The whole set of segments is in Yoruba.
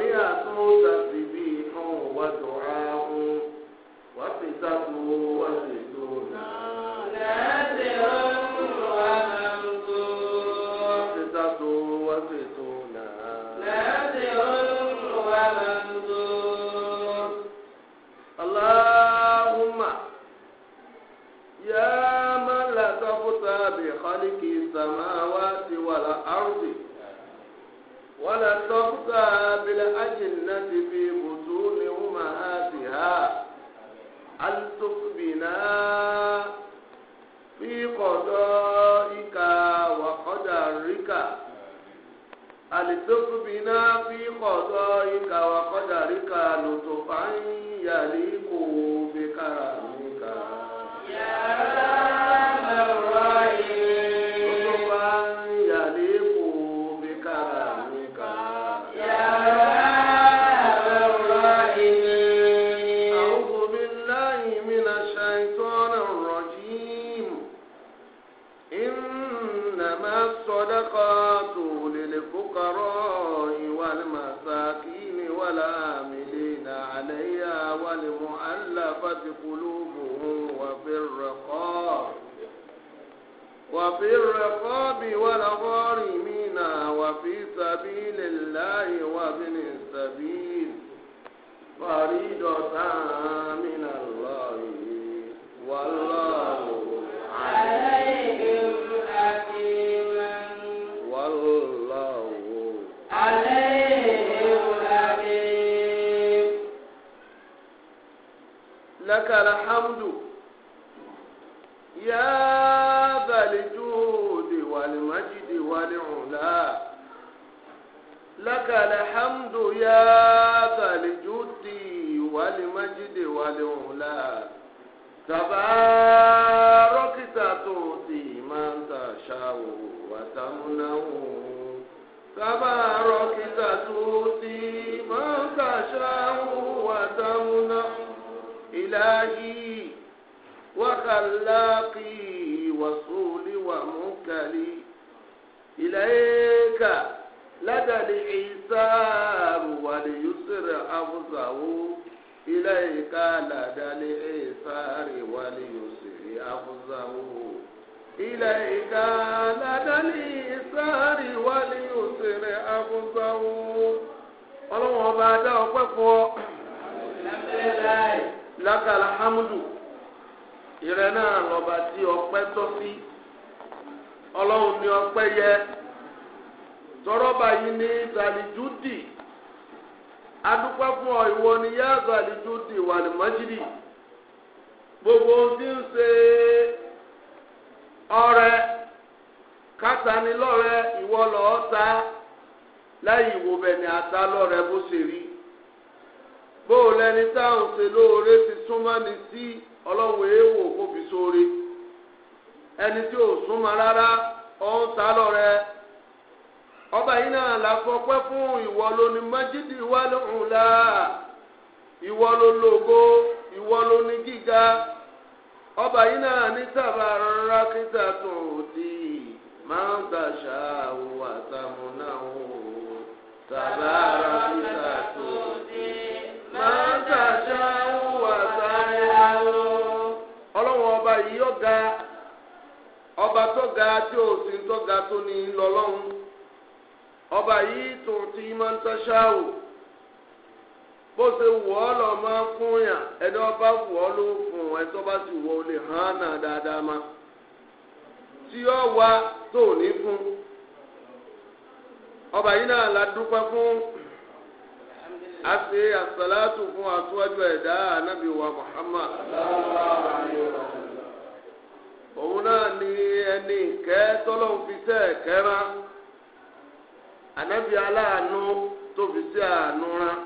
وتسمية تسبيحهم ودعاء وقصة وستون نادر وممدوح قصة وستون نادر وممدوح اللهم يا من لطفت بخلق السماوات ọna tọ t lajiaz bụ t l ụmụhazi ha. alitoku bi n'afọ ikpọ ọtọ ika wakojarikantụ ka ayịyad ikụbeka قلوبهم وفي الرقاب وفي الرقاب والغارمين وفي سبيل الله وابن السبيل فريضة من الله والله لك الحمد يا ذا الجود والمجد والعلا لك الحمد يا ذا الجود والمجد والعلا تباركت تعطي من تشاء وتمنع تباركت تعطي من تشاء إلهي وخلاقي وصولي ومكلي إليك لدى الإيسار وليسر أفزه إليك لدى الإيسار وليسر أفزه إليك لدى الإيسار وليسر أفزه ọlọ́wọ́n ọba adá ọpẹ́ fún ọ. lákàlà hamdu ìrẹ náà lọba tí ọpẹ́ tọ́ sí ni ọpẹ yẹ tọrọba yìí ní zalijudi adúpẹ́ fún ọ ìwọ ni yá zalijudi wà ní mọjìdì gbogbo ohun tí ń ṣe ọrẹ kátàní lọrẹ ìwọ lọọ ta láyìí ìwò bẹni àtà lọrẹ bó ṣe rí. bóò lẹni táwọn ṣe lóore ti súnmọ́ ni sí ọlọ́run èèwò kó fi sóore ẹni tí ò súnmọ́ rárá ọ̀hún ta lọ́rẹ́ ọba yìí náà la fọpẹ́ fún ìwọ ló ní májídì wà lóhùn la ìwọ ló ìwọ ló ní gíga ọba yìí náà ní sábà rárá kí sàtún òdì máa ga ọba tó ga tí ò sí tó ga tó ní lọ́lọ́run ọba yìí tó ti máa ń tọ́ṣá o bó ṣe wù ọ́ lọ máa fún ọba ẹ tó bá wọ ole hàn náà dáadáa ma tí ó wá tó ní ọba yìí náà la dúpẹ́ fún a fún àtúwájú ẹ̀dá òun náà ni ẹni ìkẹ́ tọ́lọ́hún fi sẹ́ ẹ̀kẹ́ rán ànábì aláàánú tó fi sí àánú rán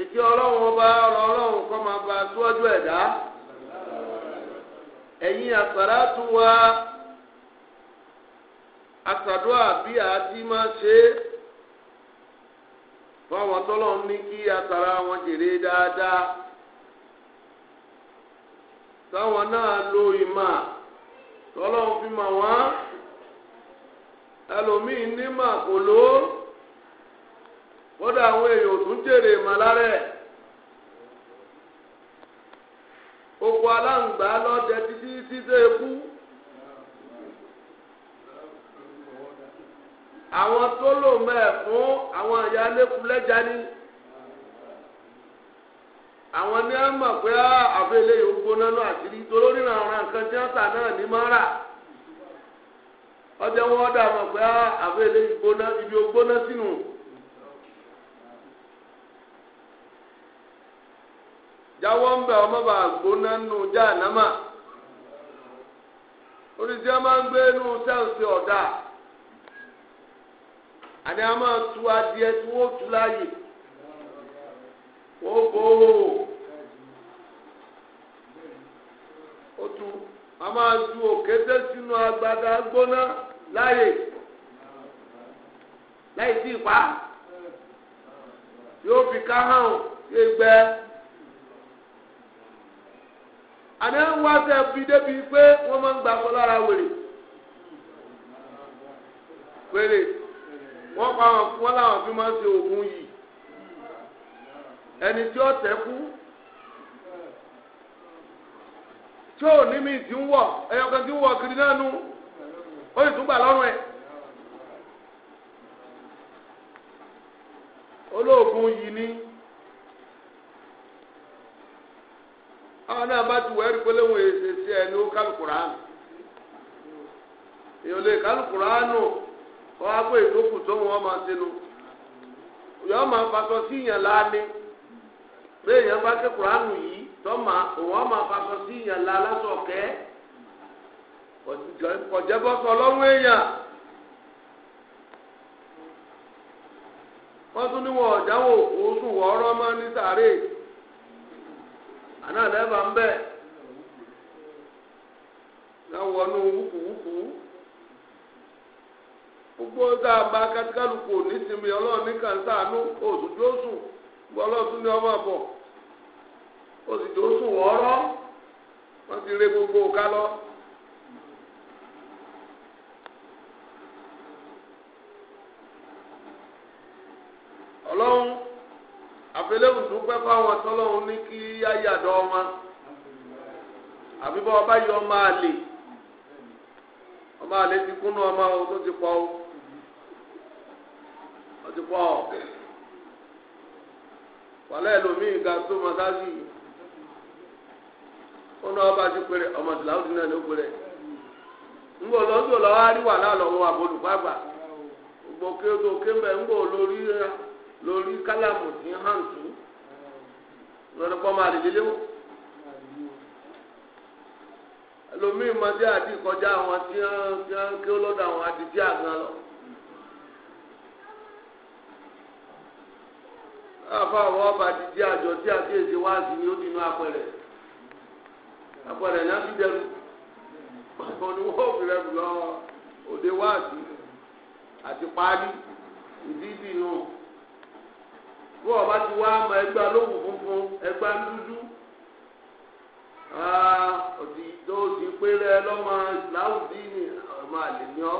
ìkí ọlọ́run ọba ọlọ́run kọ́ máa ba síwájú ẹ̀dá ẹ̀yin àsàlátù wa àsàdúà bí àti máa ṣe fáwọn tọ́lọ́hún ní kí àsàrà wọn jèrè dáadáa. táwọn náà lo ìmọ̀ tọ́lọ́run fi mọ̀ wọ́n ẹlòmíì nímọ̀ kò ló kódà àwọn èèyàn tún jèrè ìmọ̀ lára ẹ̀. oko aláǹgbá lọ́dẹ títí títí ekú. àwọn tó lò mọ́ ẹ̀ fún àwọn ìyá lẹ́kùlẹ́jà ni. àwọn ní ẹ mọ̀ pé ah, àbẹ̀lẹ̀ yóò gbóná lọ àṣírí torí náà àwọn nǹkan tí wọ́n tà náà ní máa ọjọ́ wọn dà mọ̀ pé ah, àbẹ̀lẹ̀ gbóná ibi ògbóná sínú. jáwọ́ ń bẹ̀ ọmọ bá gbóná nù já ń gbé inú a máa tu adìẹ tí wọ́n láàyè wọ́n ó tu a máa ju òkété sínú agbada gbóná láyè láyè sí ìpá yóò fi ká hàn yóò gbẹ àná wá sẹ bi débi pé wọn máa ń gbà kọ lára wèrè wèrè wọn pa wọn fún wọn làwọn fi máa ń ṣe oògùn yìí ẹni tí ó tẹ kú. tí ó ní mi ti ń wọ̀ ẹyọkan ti ń wọ kiri náà nu ó sì tún gbà lọ́rùn olóògùn yìí ni àwọn náà bá ti wọ ẹ̀rí pé léwọn èsè sí ẹ ní ó kálukùránù èèyàn lè kálukùránù wọn á pé ìdókù tó wọn máa yọọ máa sí tọ́mà òun ọmọ afasọ sí ìyàn la lásọ̀kẹ́ kọ̀jẹ́bọ́sọ lọ́rùn èèyàn. wọ́n tún ní wọn ọ̀jáwò oṣù wọ́ọ́rọ́ máa ní sàárè àná àdẹ́bà ń bẹ̀ láwọnú wúkúwúkú gbogbo bá kátìkálùkù ní kàńtà òṣùjú oṣù tún ní ọmọ oṣù tó sùn wọ́ọ́rọ́ wọ́n ti gbogbo òka lọ. ọlọ́run àfẹlẹ́hùn dúpẹ́ fáwọn tọ́lọ́run ní kí ayàdọ́ ọmọ àbí ọba yọ ọmọ àlè ọmọ àlè ti kúnnú ọmọ tó ti pọ̀ o ó ti pọ̀ wàlẹ́ ẹlòmíì ga tó mọ ti péré ọmọ sìláwùdì náà ló péré ńgbò lọ́sọ̀ lọ́wọ́ àríwá lálọ́wọ́ àbólùpàgbà gbogbo lórí lórí kálámù sí hàn tú lọ́dọ̀ pọ́ máa lè lélẹ́wọ́ ẹlòmíì kọjá àwọn tí wọ́n ké lọ́dọ̀ àwọn lọ. àwọn ọba àjọ tí wá sí ni ó ẹ̀fọ́dẹ̀ náà fi dẹrù oníwọ́ òfìrẹ́ lọ òde wáàdì àti páálí ìdíbì náà bí ọba ti wá mọ ẹgbẹ́ alóhùn funfun ẹgbẹ́ dúdú òtí tó ti péré lọ́mọ láwùjí ni ọmọ àlè ni ọ́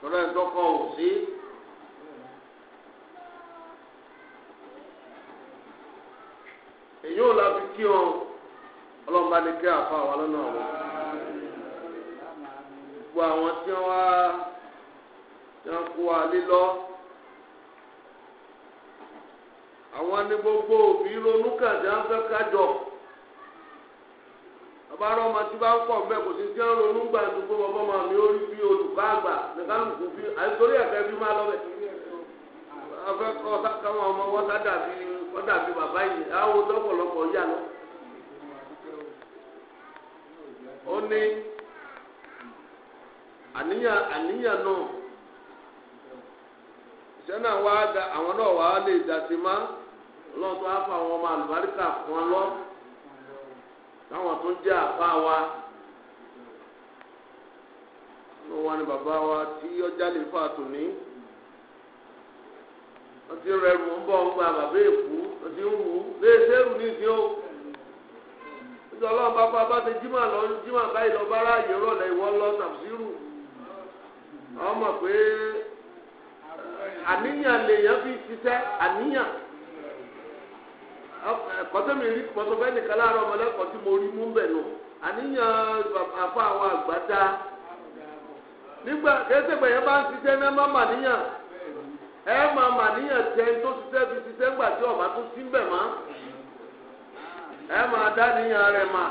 tọ́lá ẹ̀ tọ́kọ̀ òsì. èyí ò la fi kí ọ ọlọ́mọba ni kí àfa wa lọ́nà ọ̀rọ̀ gbogbo àwọn tí wọ́n wá tí wọ́n kó wa lílọ àwọn ní gbogbo òbí ronú kàdé ń fẹ́ kájọ bàbá rẹ ọmọ tí bá ń pọ̀ bẹ́ẹ̀ kò sí tí wọ́n ronú gbà tó gbé bàbá ọmọ mi ó rí bí olùkọ́ àgbà nìkan kò fi àìsórí ẹ̀fẹ́ bí má lọ bẹ̀ afẹ́kọ̀ọ́ sákàwọn ọmọ wọn sádà bíi. wọ́n dàbí bàbá yìí àwọn lọ́pọ̀lọpọ̀ yà lọ. ó ní àníyàn àníyàn náà ìṣẹ́ náà wá da àwọn náà wá lè dàtí má ma á fa àwọn ọmọ àlùbáríkà fún ọ lọ táwọn tó ń jẹ́ àbá wa ló wà ní bàbá wa tí ọjà lè fà wọ́n ti rẹ̀ bọ́ ń gba bàbá èkó nídìí o nítorí ọlọ́run bá bá bá jimá lọ jimá báyìí lọ bá ráàyè rọ̀lẹ́ ìwọ lọ tàbísírù ọmọ pé eh, àníyàn lèèyàn fi ṣiṣẹ́ àníyàn rí pọ̀tọ́fẹ́ nìkan láàárọ̀ tí mo rí mú bẹ̀ nù àníyàn àfa àwọn ẹ máa dá níyàn rẹ̀ mà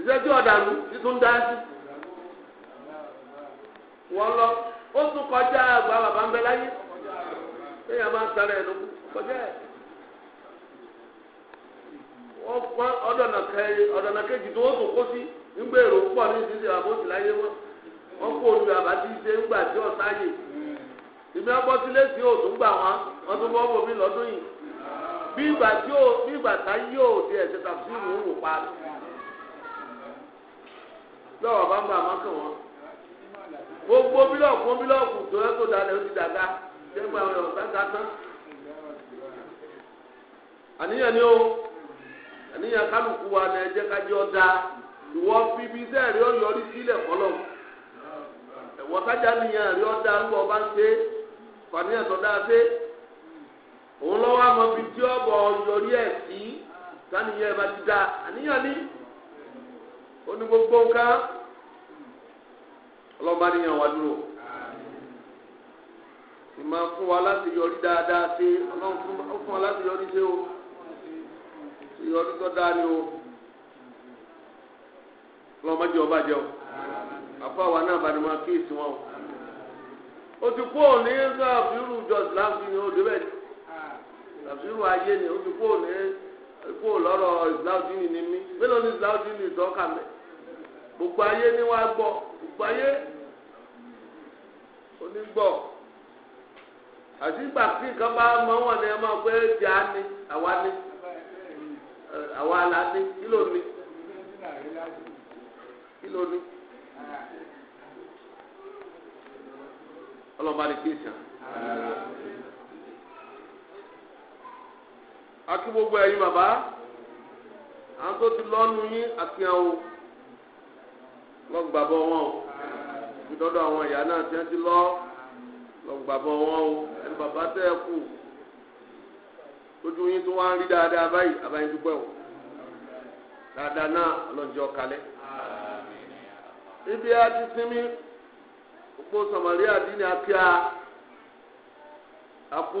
ìṣẹ́jú ọ̀dàlú títún dá sí. wọ́n lọ ó tún kọjá àgbà bàbá ń bẹ láyé téèyàn máa ń sara ẹ̀ lóko kọjá ẹ̀. ọ̀dọ̀nà kejì tó tún kó sí ńgbèrò ní ìdílé láyé wọn kó ṣe ń gbà tí ìmí sí òtún gbà wọn lọ́dún bí ìgbà tí yóò bí tá yóò di ẹ̀jẹ̀ tàbí sí ìwò wò pa lọ. lọ́wọ́ bá ń bá àmọ́ kàn gbogbo bílọ̀kù bílọ̀kù tó ẹ́ kó dalẹ̀ ó ti dàgbà ṣé ń gba àwọn tán. àníyàn ni ó àníyàn kálukú wa ní ẹjẹ́ kájẹ́ ọ̀dà ìwọ fi ibi iṣẹ́ ó yọrí sílẹ̀ kọ́lọ̀ ẹ̀wọ̀n sájà níyàn rẹ ọ̀dà ń bọ̀ bá òun lọ́wọ́ àmọ́ tí ọ̀bọ̀ yọrí ẹ̀ sí sánìyàn bá ti dá àníyàn ní gbogbo nǹkan ọlọ́ba níyàn wá dúró ìmọ̀ fún wa láti yọrí dáadáa ṣe ọlọ́run fún wa láti yọrí ṣe o yọrí tó dáa ni o ọlọ́mọdé ọba jẹ o àpá wa náà bá ní wọn o. o ti kú òní ń sọ o tàbírù ayé ni ó ti kó ní kó lọ́rọ̀ ìsìláwùdínì ni mí mélòó ni ìsìláwùdínì ìtọ́ka gbogbo ayé ni wàá gbọ́ gbogbo ayé onígbọ̀ àti tí nǹkan bá mọ wọn ni ẹ máa pé jà á ní àwa ní àwa akí gbogbo ẹ̀yin bàbá àwọn tó ti lọ́nu yín àti àwọn lọ́gbàbọ̀ wọn o ìdọ́dọ̀ àwọn ìyá náà ti ń ti lọ́ lọ́gbàbọ̀ wọn o ẹni bàbá tẹ́ ẹ kù lójú yín tó wá ń rí dáadáa báyìí àbáyín dúpẹ́ o dáadáa náà lọ́jọ́ kalẹ̀ ibi a ti sinmi gbogbo samaria dín ní akíá àpò.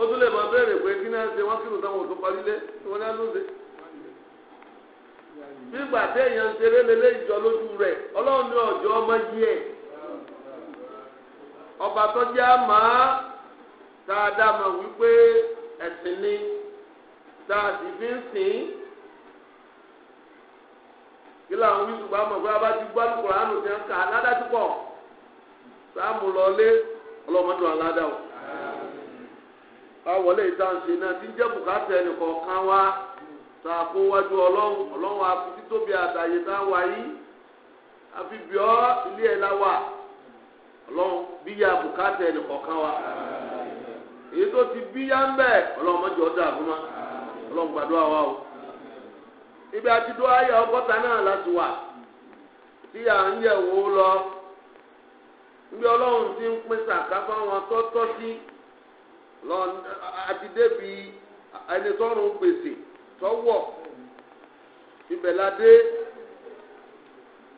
ó tún lè máa bẹ̀rẹ̀ pé kí náà ṣe wọ́n kírun táwọn wọ́n ló nígbà téèyàn ń ṣeré lélẹ́ ìjọ lójú rẹ̀ ọlọ́run ní ọjọ́ ọmọ yí ẹ̀ ọba tó jẹ́ àmọ́ dáadáa mọ̀ wípé ẹ̀sìn ni a fi ń sìn kí làwọn wí mọ̀ pé abájú gbálùkù ránù ti ń kà ládàjú pọ̀ sáà lọ lé ọlọ́mọdún káwọlé ìdáǹsì náà tí ń jẹ́ bùkátà ẹnìkọ̀ọ̀kan wá a kó wájú ọlọ́run ọlọ́run àkùtì a fi biọ ilé ẹ̀ la wà ọlọ́run bíyà bùkátà èyí tó ti biya ń bẹ̀ ọlọ́run mọ́jọ́ ọ̀dà àbúmá ọlọ́run o ibi ati do ayé náà láti wà tí à ń wò lọ ti ń pín sàkà fáwọn tọ́tọ́ àti débi ẹni tọrùn gbèsè tọwọ ìbẹ̀ladé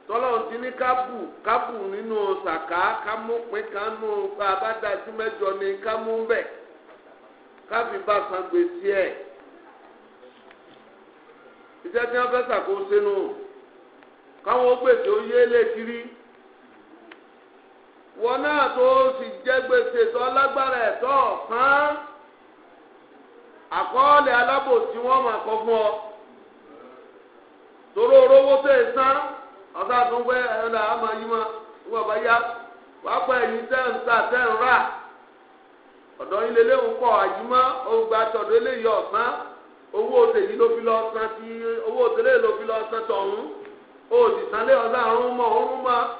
tọ́lọ́run ti ní kábù kábù nínú sàká kámúpin kánú abádájú mẹ́jọ ní kámúbẹ̀ káfí bá san gbèsè ẹ̀ iṣẹ́ tí wọ́n fẹ́ sàkóso nù káwọn gbèsè ó yé lé kiri. wọn náà tó sì jẹ gbèsè tó lágbára ẹ tó ọ̀sán àkọọ́lẹ̀ alábòsí wọn mà kọ fún ọ tó ẹ sán ma wọ́n bá yá wàá pẹ́ ẹ̀yìn tẹ́ ń ta tẹ́ ń rà ilé léwu owó tèyí ló fi lọ san owó tèlé ló fi lọ san òòsì sanlé mọ.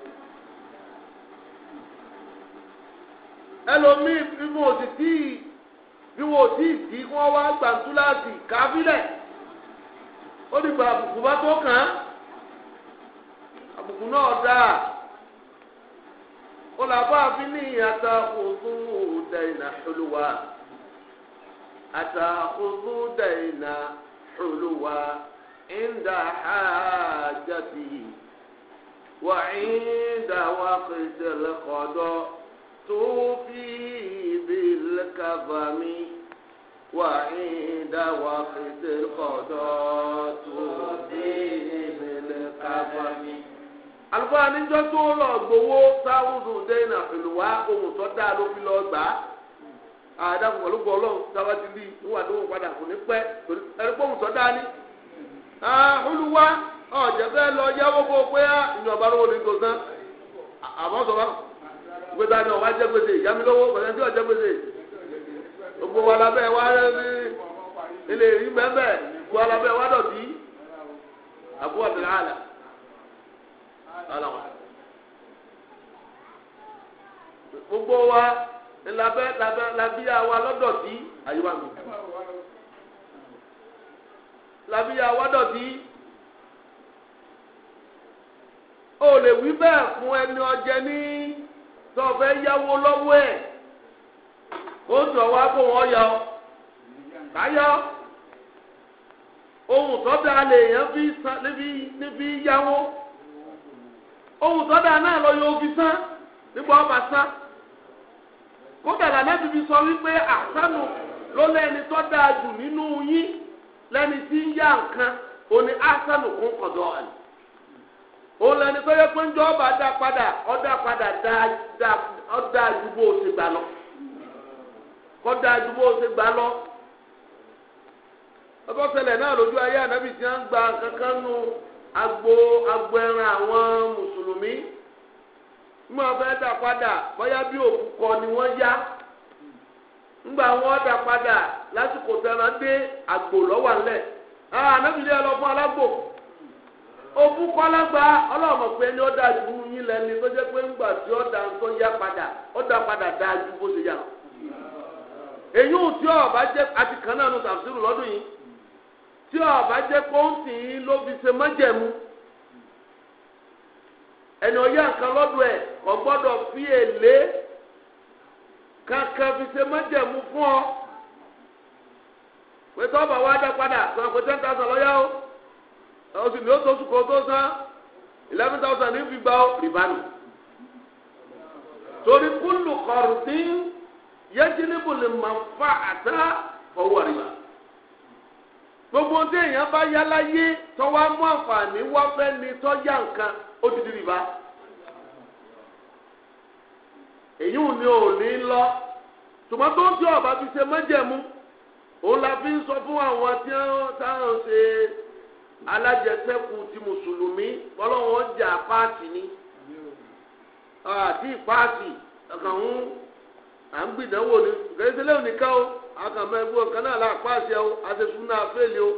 ẹlòmíì bí wọn ò sì tí ì bí wọn ò tí ì tí wọn wá gbàǹtúláàsì kábílẹ̀ ó dìgbà àbùkù bá tó kàn án àbùkù náà dáa ó làbá àfi ní ìyàtà òkú dẹ̀yìnà olúwa àtà توفي بالكظم وعند وقت القضاء توفي بالكظم àlùfáà níjọ́ tó lọ gbowó táwùzù ohun tó ló fi lọ gbà á gbọ́ ti tó ń padà kò ní pẹ́ ohun tó ni. ọ̀jẹ̀ lọ yáwó kó pé ìyọ̀nba ló wọlé tó ìgbésà ni ọ̀wá jẹ́ gbèsè ìyá mi lówó pẹ̀lú ẹni ọ̀jẹ́ gbèsè gbogbo wa lábẹ́ wa rẹ ilé rí mẹ́mẹ́ gbogbo wa lábẹ́ wa dọ̀tí àbú ọ̀bẹ̀rẹ̀ àlà ọ̀làwà. gbogbo wa labẹ́ labẹ́ labíyà wa lọ́dọ̀tí àyíwá mi labíyà wa dọ̀tí. o lè wí bẹ́ẹ̀ fún ẹni ọjẹ́ ní. tó o fẹ́ yáwó lọ́wọ́ ẹ̀ ó ń tọ̀ wá kó wọ́n yọ káyọ́ ohun tó dáa fi san níbi níbi yáwó ohun náà lọ yóò fi san nígbà ọba san wípé àsánù ló lẹ́ni òun lẹni tó yẹ pé njọ ọba dá padà ọdá padà dá ọdá àdúgbò òsè gbà lọ kọdá àdúgbò gbà lọ ọbọ̀sẹ̀lẹ̀ náà lójú ayé ànábì tí wọ́n ń gba kankan nu agbo agbo ẹran àwọn mùsùlùmí nígbà wọn fẹ́ dá padà bí òkú kọ ni wọ́n yá nígbà wọn dá padà lásìkò tẹ̀ràn dé àgbò lọ́wọ́ àlẹ̀ ànábì lé ẹ lọ fún alágbò. òkú kọlọ́gba ọlọ́mọ pé ní ọ̀dà àdúgbò yín tó jẹ́ pé ńgbà tí ọ̀dà nǹkan yá padà ọ̀dà padà ju bó ṣe yà lọ. èyí ò tí ọ̀bá jẹ́ àti kan náà tàbísírù yìí tí ọ̀bá jẹ́ ló fi ṣe mọ́jẹ̀mú. ẹni ọ. pé o. ó sì ní ó tó sùkò tó sán eleven thousand ní fi gba rìbá nù. torí kúlù kọ̀rùtín yẹ́jìnìbù lè máa fa àtà ọwọ́ rìbá. gbogbo tí èèyàn bá yá láyé tọ́wọ́ mú àǹfààní wá fẹ́ ni tọ́jà nǹkan ó ti di rìbá. èyí ò ní ò ní lọ ṣùgbọ́n tó ń tí ọba fi ṣe mọ́jẹ̀mú òun la fi ń sọ fún àwọn tí wọ́n ṣe alájẹsẹ́kù ti mùsùlùmí bọ́lọ́wọ́ jà páàtì ni àti páàtì kàn ń à ń gbìdánwò ni kẹ́sílẹ̀ nìkan o àkàmọ́ ẹgbẹ́ ọ̀kan náà o àtẹ̀sùnà àfẹ́lẹ́ o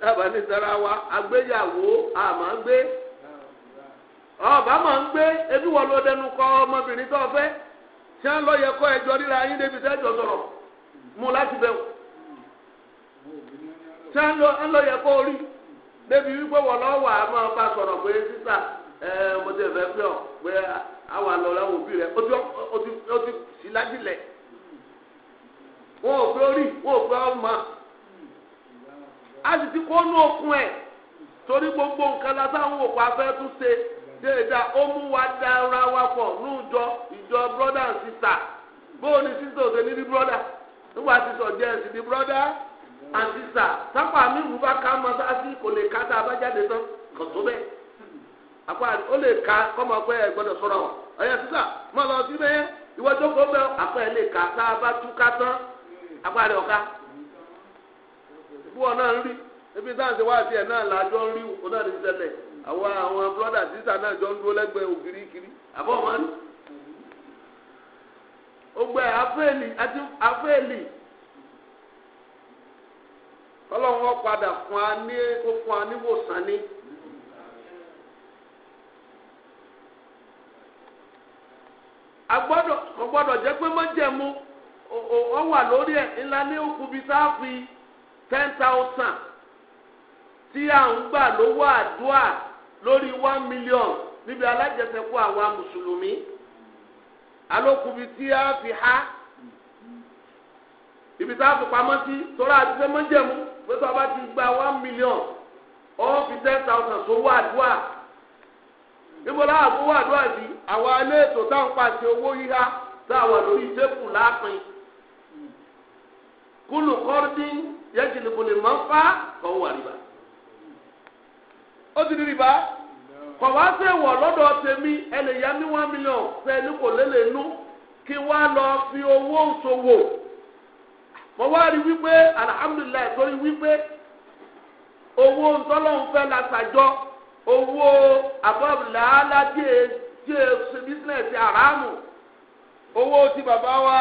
dábàá ní sara wa àgbéyàwó àmọ́ gbé ọba máa ń gbé ebi wọ́n lọ dẹnu kọ ọmọbìnrin tó fẹ́ lọ yẹ kọ́ ẹjọ́ ríra yín débi tẹ́jọ́ sọ̀rọ̀ mú láti bẹ̀rù. ṣé ń lọ ń lọ yẹ kó rí débi wípé wọ́n lọ́ wà á ọ pé àwọn àlọ́ làwọn òbí rẹ ó ti sí lájìlẹ̀ wọn ò pé wọn a sì ti kó nú okun gbogbo nǹkan la táwọn òkú afẹ́ tún ṣe déédéé ó mú wa wa pọ̀ ní ìjọ ìjọ brother sọ jẹ́ ẹ̀sìn ní àti sà sápà mi rú bá ká kò lè ká tá a bá jáde tán kò tó bẹ́ẹ̀ àpá ó lè ká kọ́mọ pé ẹ gbọ́dọ̀ sọ̀rọ̀ wọ̀ ọ̀yẹ́ sísà mọ lọ sí bẹ́ẹ̀ ìwọ jókòó bẹ́ẹ̀ àpá ẹ lè ká tá a bá tú ká tán ọ̀ká ìbúwọ̀ náà ń rí ebi táǹsì wá sí ẹ̀ náà làjọ ń rí òun náà ní ṣẹlẹ̀ àwọn àwọn brọ́dà sísà náà jọ ń dúró lẹ́gbẹ̀ẹ́ ògiri kiri àbọ̀ ọlọ́run wọn padà fún a ní ó fún a níwòsàn ní. agbọ́dọ̀ ọgbọ́dọ̀ jẹ́ pé mọ́jẹ̀mú ọ wà lórí ẹ̀ ńlá ní òkúbi sáfì ten thousand tí à ń gbà lówó àdúrà lórí one million níbi alájẹsẹ̀kù àwa mùsùlùmí alókùbi tí a fi há ibi tá a fi pamọ́ sí torí àti sẹ́mọ́jẹ̀mú pé bàbá ti gba one million ó fi ten thousand sówó àdúrà níbo láwọn àgbówó àdúrà sí àwọn ilé ètò táwọn pàṣẹ owó yíyá táwọn lórí tẹ́kù láàpin kúlù kọ́rọ́dín yẹ́jìnìbùnì máa ń fa kọ́wọ́ wà rìbá ó ti di rìbá kọ̀ wá sí ìwọ̀ lọ́dọ̀ tèmi ẹnìyá ní one million fẹ́ẹ́ ní kò lélẹ̀ inú kí wá lọ fi owó ṣòwò mo wá rí wípé alihamudulilayi torí wípé owó ntọ́lọ́nfẹ́ la sàjọ owó abọ́bùlàálà díẹ̀ díẹ̀ ṣe bísínẹ̀sì àràmù owó tí bàbá wa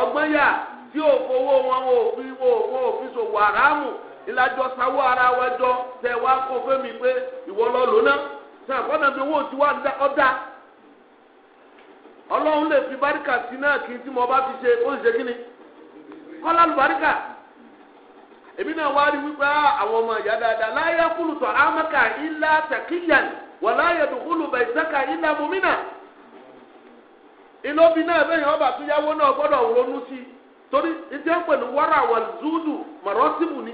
ọgbọ́n yà tí ò fowó wọn ò fi wọn ò fi ṣòwò àràmù ìlàjọ sáwọ́ ara wa jọ tẹ̀ wá kó fẹ́mi pé ìwọ lọ lóná sàn kọ́nà bí owó tiwa ọ̀dà ọlọ́run lè fi báríkà sí náà kí n tí mo bá fi ṣe ó sì ṣe kí ni kọ́lá lu báríkà èmi náà wá rí wípé ah, àwọn ọmọ ìyá dáadáa láyé kúlùtọ̀ ámàkà ilá tẹ̀kíyàn wà láyé dùkúlù bẹ̀sẹ̀kà ilá mọ́mínà ìlóbi náà bẹ́yìn ọba tó yáwó náà gbọ́dọ̀ ronú sí i torí ìdí ọ̀pẹ̀ ní wàrà wà zúdù mọ̀rọ́sìmù ni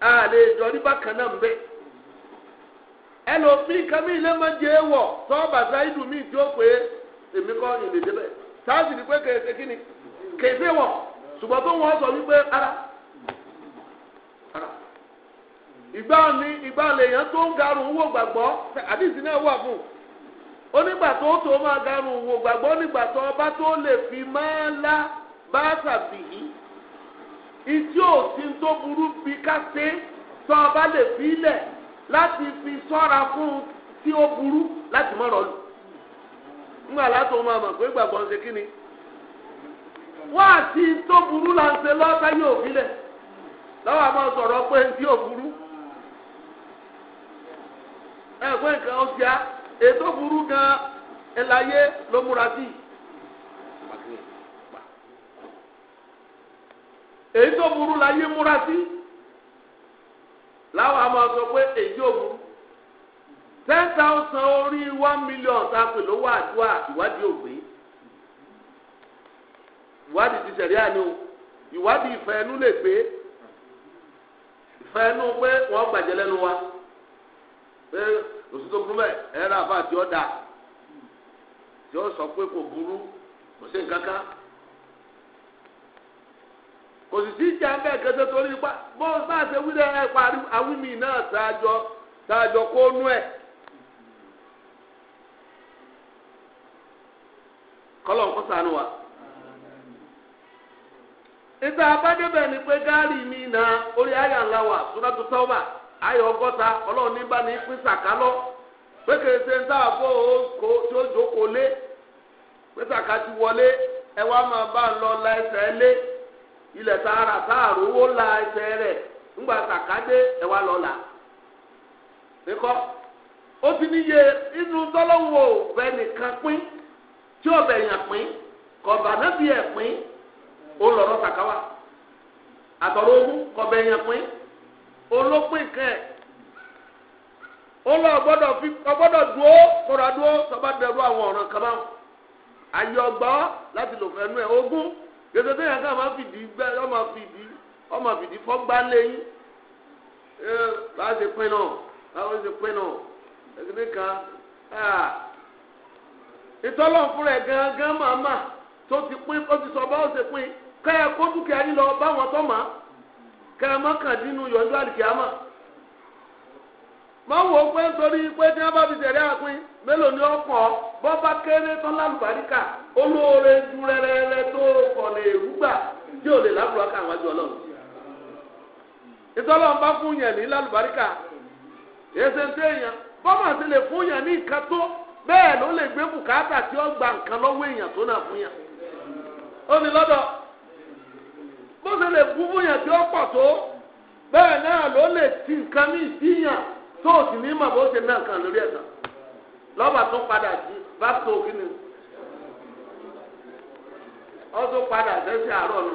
àlè ní bákan náà ń bẹ́ẹ̀. ẹnì òfin kẹmí ilé máa jẹ ewọ ilu mi míì tí ó pé èmi kọ ìlè ni pé kèké kí ni kèké wọ ṣùgbọ́n tó wọ́n sọ ara ara ìgbà ni ìgbà lèèyàn tó ń garun owó gbàgbọ́ àdìsí náà wà fún onígbà tó tó máa garun owó gbàgbọ́ nígbà tó ọba tó fi máa la bá tàbí ìdí òsín tó burú bí ká tó ọba lè fi lẹ̀. láti fi sọ́ra fún tí ó burú láti mọ̀ rọ̀ lù ńgbà láti ọmọ pé ṣe kí ni wọ́n àti tó burú là ń ṣe lọ́sẹ̀ yóò fi lẹ̀ lọ́wọ́ àmọ́ sọ̀rọ̀ pé tí burú ó burú gan ẹ̀láyé láwọn àmọ́ sọ pé èyí ò burú ten thousand orí one million tá a pè lówó ìwádìí ò ìwádìí ti sẹ̀rí àná o ìwádìí ìfẹ́ ẹnu lè gbé ìfẹ́ ẹnu pé wọ́n gbàjẹ́ lẹ́nu wa pé òṣìṣẹ́ burú bẹ́ẹ̀ ẹ̀rọ àbá àti ọ̀dà kò sì sí ìjà ń bẹ̀ kẹsẹ̀ torí pa bó bá ṣe wílẹ̀ ẹ̀ parí náà ṣáàjọ ṣáàjọ kó nú ẹ̀. kọ́lọ̀ ń kọ́ sànú wa. ni pé gáàrí mi na orí àyà ńlá wa Suratu Tawbah ọgọ́ta ọlọ́run ní bá ní pín sàkálọ́ pé ń òkò tí ó jókòó lé pé sàkà ti wọlé ẹ wá máa bá a lọ la ilẹ̀ sahara sahara owó la ẹsẹ̀ rẹ̀ ńgbà sàkádé ẹ̀wà lọ́la kíkọ́ ó ti níye inú tọ́lọ́wọ́ ọ̀bẹ nìkan pín tí ọ̀bẹ yàn pín kọ̀bà ẹ̀ pín ó lọ́rọ́ sàkáwà àtọ̀rọ̀ ogún kọ̀bẹ yàn pín olópin kẹ́ ẹ̀ ó lọ gbọ́dọ̀ fi ọgbọ́dọ̀ sọ́ba àwọn ọ̀ràn kan báwọn ayé láti lò fẹ́ nú ẹ̀ ogún. gbèsè tó yàn ká fìdí gbẹ ọmọ fìdí ọmọ fìdí fọgbà lẹ́yìn ẹ bá a ṣe pín nọ bá ka ṣe pín náà ẹgbẹ́ kan ìtọ́lọ̀ fúnra ẹ̀ gangan màmá tó ti pín ó ti sọ ma wo pé nítorí pé tí wọn bá fi tẹ̀lé àpín mélòó ni ó bọ́ bá kéré tán lálùbáríkà olóore ju rẹ́rẹ́rẹ́ tó ka èrúgbà tí ò lè lábùrọ̀ ká àwọn àjọ ọlọ́run. ìtọ́lọ́run bá fún yẹn ní lálùbáríkà èsè ń téèyàn bọ́mọ̀ sí lè fún yẹn ní nǹkan tó bẹ́ẹ̀ ló lè gbé bùkátà tí ó gba nǹkan lọ́wọ́ èèyàn tó náà fún yẹn. ó ní lọ́dọ̀ bó tó o sì ní mọ̀ bó ṣe náà kan lórí ẹ̀sán lọ́ba tó padà sí back to kí ni ọ tó padà sẹ́sẹ̀ àárọ̀ nù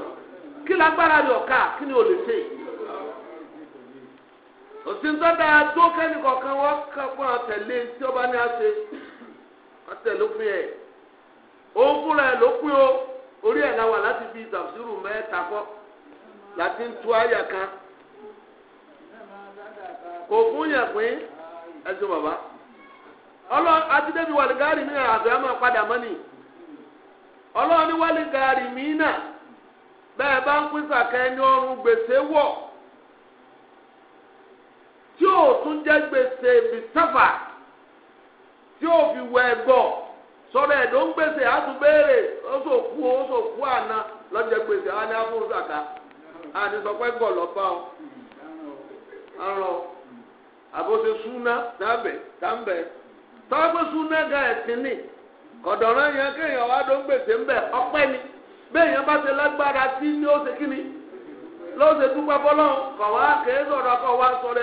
kí lágbára yọ ká kí ni o lè ṣe òsíntọ́ dáa tó kẹ́ni kọ̀ọ̀kan wọ́n kọ́kọ́ tẹ̀lé tí ọba ní àṣẹ wọ́n tẹ̀ lópin ẹ̀ òun fúnra ẹ̀ lópin o orí ẹ̀ la wà láti fi tafsiru mẹ́ta kọ́ láti ń tu àyà kan. kò fún yẹn pín ẹsùn bàbá ọlọ́run àtidébi wàlígárì mi àgbẹ̀ ẹ̀ máa padà mọ́ ni ọlọ́run ní mi náà bẹ́ẹ̀ bá ń pín sàkẹ́ ní ọrùn gbèsè wọ̀ tí ò tún jẹ́ gbèsè mìtáfà tí o fi wọ ẹ̀gbọ́ sọ̀rọ̀ ẹ̀dọ́ ń gbèsè àtúbéèrè ó sò kú ó kú àná lọ́jọ́ gbèsè àbòsí súná tábẹ̀ tábẹ̀ tọ́gbẹ́ suna ga etini ni kọ̀dọ̀rọ̀ yẹn kéèyàn wá ló ń gbèsè ńbẹ̀ ọpẹ́ ni bẹ́ẹ̀ yẹn bá ti lágbára sí ní ó ṣe wa ni ló ṣe dúpẹ́ bọ́lọ́ kọ̀ wá kéé sọ̀rọ̀ kọ̀ wá sọ̀rọ̀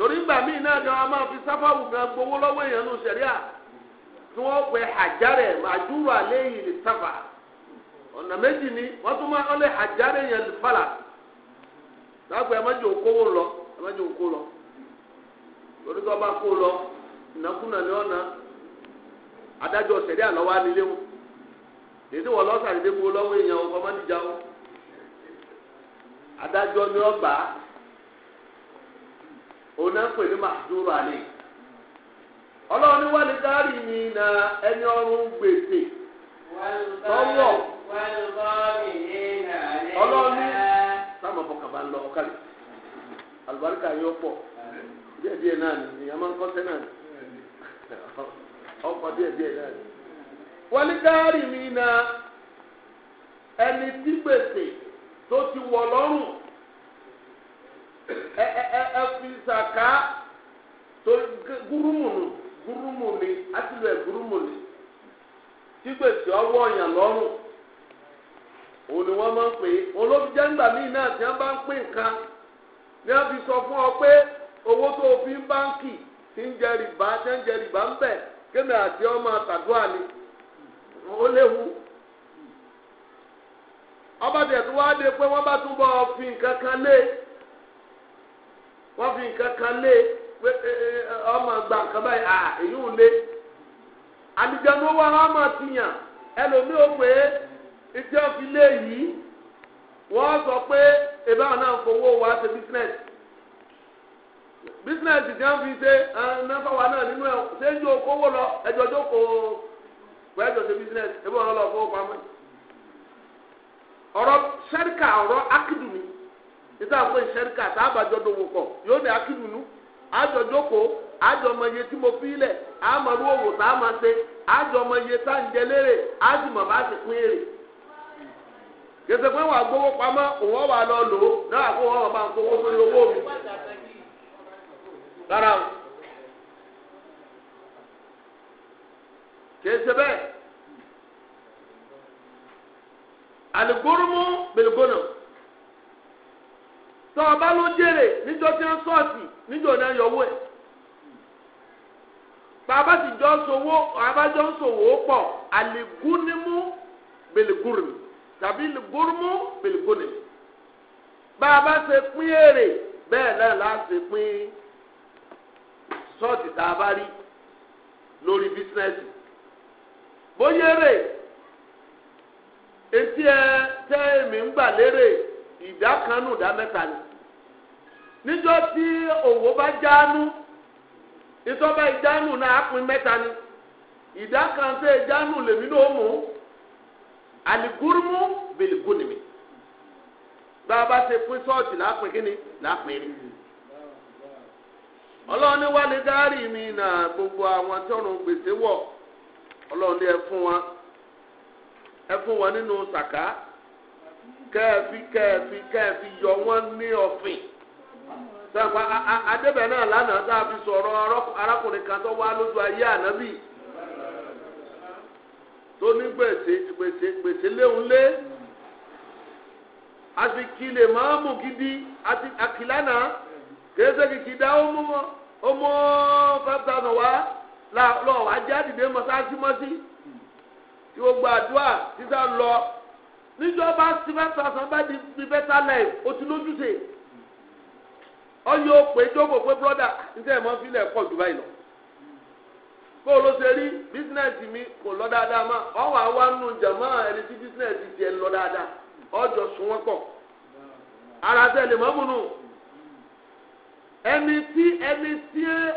torí ńgbà míì náà gan wọn máa fi sáfàwù gan gbowó lọ́wọ́ èèyàn nù sẹ̀ríà tí wọ́n pè àjárẹ̀ màdúrà lẹ́yìn lè sáfà ọ̀nà méjì ni wọ́n tún máa lé àjárẹ̀ yẹn lè fàlà lágbè ẹ má jẹ́ òkówó lọ ẹ má jẹ́ òkó lọ torí tó bá kó lọ ìnákúnà ni ọ̀nà adájọ́ wọn dèdè wọ́n lọ́sàdédé gbowó lọ́wọ́ ona náà ń ní màdúrà ni ọlọ́run wà ní dárì mi na ẹni ọrùn gbèsè tọ́wọ̀ ọlọ́run sáàmù ọkàn bá lọ ọkàlẹ̀ àlùbáríkà yóò pọ̀ díẹ̀ díẹ̀ náà ni ìyá máa ń kọ́sẹ́ náà ọrụ. díẹ̀ díẹ̀ náà ni ɛfi zaka gurumuni atilu gurumuni tígbèsè ọwọ́ ọ̀yàn lọ́rùn ni máa ń pè é olóbìjẹ́ ńgbà míì náà tí wọ́n bá ń pè nǹkan ni wọ́n fi sọ fún ọ pé owó tó o fi ń báǹkì ti ń jẹ rìbá ti ń jẹ rìbá ń ni ó léwu ọba dị pé wọ́n bá túbọ̀ fi nǹkan wọ́n fi nǹkan kan lé ọmọ gba nǹkan báyìí à èyí ò lé àdìjọ́nú wa wọ́n mọ̀ tiyàn ò pé ìjọ fi lé yìí wọ́n sọ pé ìbá wọn náà fowó wa ṣe business business ti ń fi ṣe náfà wa náà nínú ẹ̀ ṣé ń jó kówó lọ ẹjọ́ jókòó ṣe business ẹbí wọn lọ fowó nígbà pé ìṣẹ́ríkà sábàjọ dòwò kọ̀ yóò ní akídùnú àjọjókòó àjọmọye tí mo fi lẹ̀ àmọ̀rú òwò tá a máa ṣe àjọmọye tá à ń jẹ lérè àjùmọ̀ bá ti pín èrè. gbèsè pé ọ̀wà tọ́ ọba ló jèrè níjọ́ tí wọ́n sọ́ọ̀tì níjọ́ náà yọ owó bàbá ti jọ sowó abájọ ń sòwò pọ̀ àlìgúnimú bèlìgúrìmù tàbí lìgúrìmù bèlìgúrìmù. bàbá ṣe pín èrè bẹ́ẹ̀ náà láti pín sọ́ọ̀tì tá a bá rí lórí bísínẹ́sì. bóyá èrè etí ẹ èmi ń gbà lérè. ìdá kan nù mẹ́ta ni níjọ́ tí òwò bá jáánú ìtọ́ba ìjánu náà á mẹ́ta ni ìdá kan tẹ lèmi náà mú aligurumu beligunimi bá a bá ṣe pín sọ́ọ̀tì lápín kíni lápín rí ọlọ́ọ̀ni ní dárì mi nà gbogbo àwọn tí ọ̀run gbèsè wọ̀ ẹ fún wọn ẹ fún kẹ́ẹ̀fì kẹ́ẹ̀fì kẹ́ẹ̀fì yọ wọ́n ní ọ̀fìn sàpà adébẹ̀ náà lánàá tá a fi sọ̀rọ̀ arákùnrin kan tó wá lójú ayé ànábì tó ní gbèsè gbèsè gbèsè léhùn lé àti kílè máa mú gidi àti àkìlánà kèése kìkì dá ọmọ ọmọ five thousand wá lọ́wọ́ ajá dìde gba títà lọ. níjọ bá seven thousand bá di di better life o ti lójúṣe ọyọ pé jókòó pé broda níta ẹ̀ mọ́ fílẹ̀ pọ̀ jù báyìí lọ kó o ló ṣe rí bísínẹ́sì mi kò lọ dáadáa mọ́ ọwọ́ nù jàmọ́ ẹni tí bísínẹ́sì tiẹ̀ lọ dáadáa pọ̀ ara ẹni tí ẹni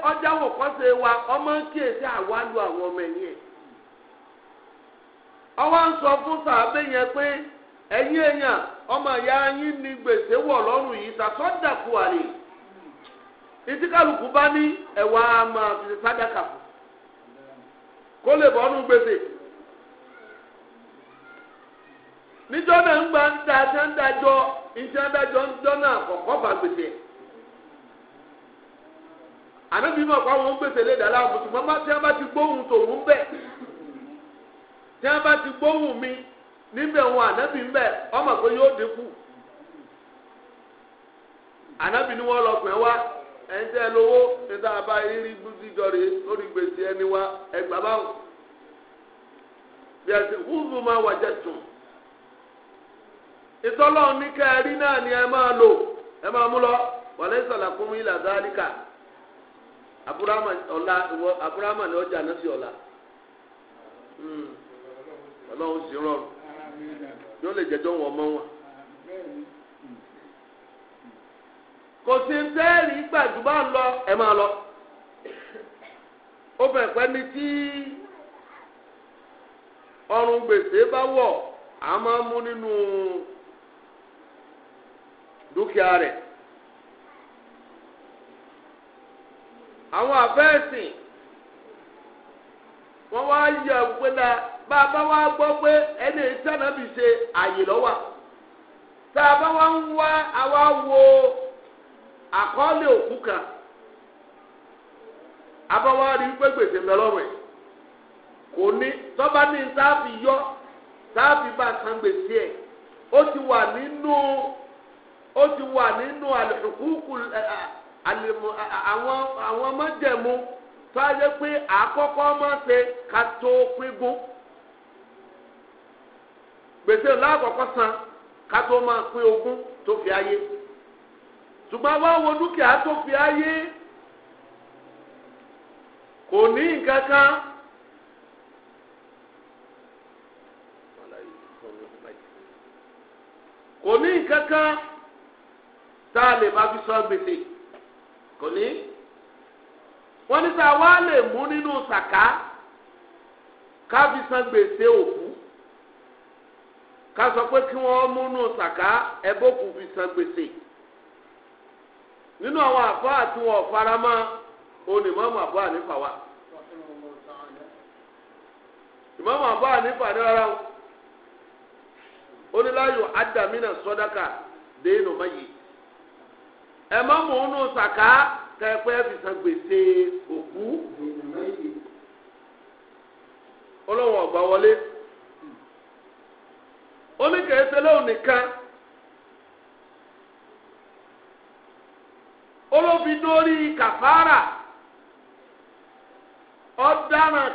wa ọmọ àwa lu àwọn ọmọ ọwọ́ nsọ sọ fún sàbẹ̀ yẹn pé èèyàn ọmọ ìyá yín ni gbèsè wọ lọ́rùn yìí sàtọ́dàkù àlè ìtí kálukú bá ní ẹ̀wà máa fi sádàkà fún kó lè bọ́nú gbèsè níjọ́ náà ń gba ń da ṣẹ́ ń dájọ́ iṣẹ́ náà bá gbèsè pé àwọn ń gbèsè bá ti gbóhùn tòun bẹ́ẹ̀. tí wọ́n bá ti gbóhùn mi níbẹ̀ wọn ànábì ń bẹ̀ ọmọ pé yóò dínkù ànábì ni lọ pẹ́ wá lówó bá gbúdí jọrè lórí gbèsè ẹni wá báwò bí a ti máa wàjẹ tún ìtọ́lọ́ ní náà ni ẹ máa lò ẹ máa ọjà náà Ọlọ́run sì rọrùn yóò lè jẹjọ́ wọn mọ́ wọn. kò sí sẹ́ẹ̀lì gbàdú lọ ẹ̀ máa lọ ó bẹ̀ pẹ́ tí ọrùn gbèsè bá wọ̀ á máa mú nínú dúkìá rẹ̀. àwọn àfẹ́sìn wọ́n bàbá wa gbọ́ pé ẹni ìtànàbì ṣe àyè lọ́wọ́ tàbá wa ń wá àwa wo àkọọ́lẹ̀ òkú kan abáwa rí pé gbèsè mẹlọ́rùn ẹ̀ kò ní tọ́ba ní sáàfì yọ sáàfì bá san gbèsè ẹ̀ ó ti wà nínú ó ti wà nínú àlùkùkù àwọn àwọn mọ́jẹ̀mú tó a pé àkọ́kọ́ máa ṣe ká tó pín gún gbèsè láàkọ́kọ́ san ká tó máa pín ogún tó fi ayé ṣùgbọ́n wá wo dúkìá tó fi ayé kò ní nǹkan kan. kò ní nǹkan kan tá a lè bá fi sọ gbèsè kò ní. wọ́n ní sá wá lè mú nínú sàká ká fi san gbèsè òkú. ká sọ pé kí wọ́n múnú sàká fi san gbèsè nínú àwọn àbá àti wọn faramọ́ onímọ̀mù àbá ànífà wa ìmọ̀mù àbá ànífà ní rárá o oníláyò ádámínà sọ́dáka dénú mayè ẹ má múnú sàká fi san gbèsè òkú ọlọ́wọ́n ó ka kèé ṣe olobi nìkan ó ló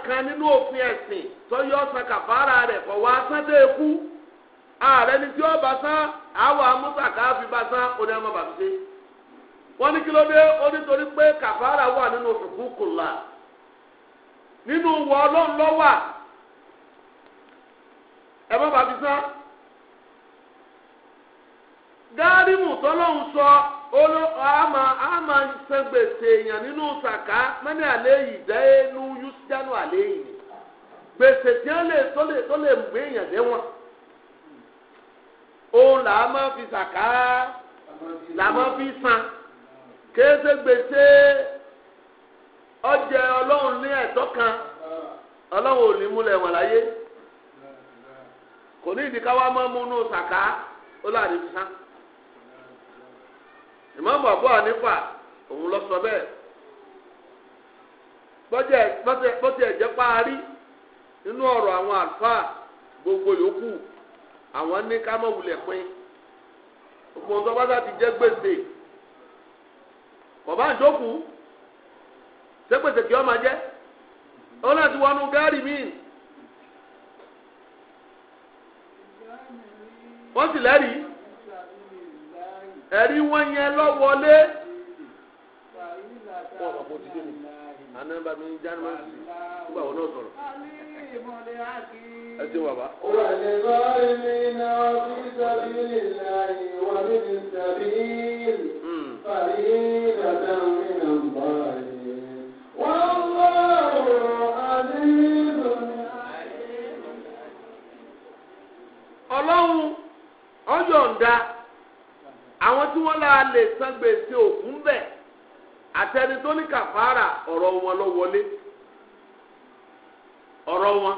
kan nínú òfin ẹ̀sìn tó yọ ọ̀sán kàfàrà rẹ̀ kọ̀ wá sán dé kú ààrẹ ni tí ó bá sán fi bá sán ó ní ọmọ bàbá ní kí ló dé ó nítorí pé wà nínú nínú dárìmù tọ́lọ́hún sọ àmà àmà sẹ́gbèsè èèyàn nínú sàká mẹ́ni àlẹ́ yìí dẹ́nu yusufanu àlẹ́ yìí gbèsè tí wọ́n lè tó lè tó lè gbé èèyàn dé wọn. òun là á fi sàká là á máa fi san kéésè gbèsè ọjẹ ọlọ́run ní ẹ̀tọ́ kan ọlọ́run ò ní múlẹ̀ wọn láyé kò ní wa máa ó láàrin ìmáàmù Abu Hanifa òun lọ sọ bẹ́ẹ̀ bọ́tí ẹ̀jẹ̀ parí nínú ọ̀rọ̀ àwọn àlùfáà gbogbo yòókù àwọn ní ká mọ̀ wulẹ̀ pín ọzọ ọ̀dọ́ bá ti jẹ́ gbèsè bàbá àjọkù ṣé gbèsè kí ọ máa jẹ́ ti wọnú gáàrí ẹ̀rí wọn yẹn lọ́wọ́lé. wọ́n sọ pé mi anamba mi jáde máa ń sùn wọn náà sọ̀rọ̀. ẹ ti wà bá. wàlẹ̀ lọ́ọ̀rì náà fi láyé wà ní mi nà ń wọ́n ní àyè. àwọn tí wọ́n lára lè san gbèsè òkú bẹ̀ àtẹni tó ní kàfàrà ọ̀rọ̀ wọn ló wọlé ọ̀rọ̀ wọn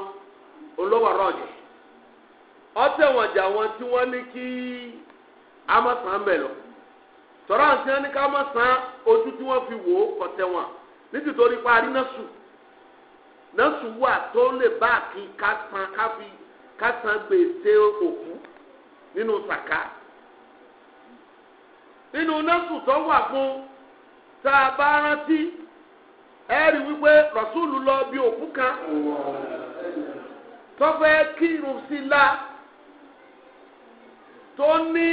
olówàrọ̀ ọ̀jẹ̀ ọ̀tẹ̀ wọn jà wọn tí wọ́n ní kí amọ̀sán bẹ̀ lọ tọ́rọ̀ àti ẹni ká ojú tí fi wò ó kọ̀tẹ̀ wọn nítorí parí náà sùn wà tó lè bá àkín san ká ká san gbèsè òkú nínú nínú nọ́ọ̀sù tó wà fún tá a bá rántí ẹ rí wípé rọ̀súùlù lọ bí òkú kan tó fẹ́ kírun sí la tó ní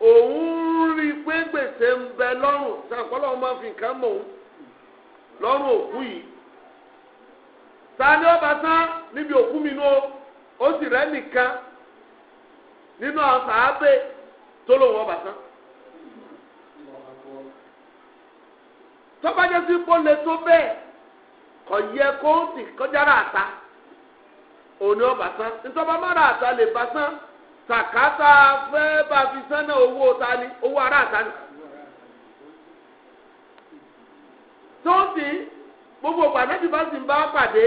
òun rí pé gbèsè ń bẹ lọ́rùn sàpọ́lọ́ ọmọ fi nǹkan mọ̀ lọ́rùn òkú yìí tani ọba tán níbi òkú mi ó ọba tọ́bajẹ́ sí kó lè tó bẹ́ẹ̀ kò yẹ kó ń tì kọjá rà ta òní ọba san ntọ́ba má rà ta lè ba san sàkátà fẹ́ bá fi san náà owó ta ni owó ara ta ni. tóńtì gbogbo ọgbà náà ti bá sì ń bá pàdé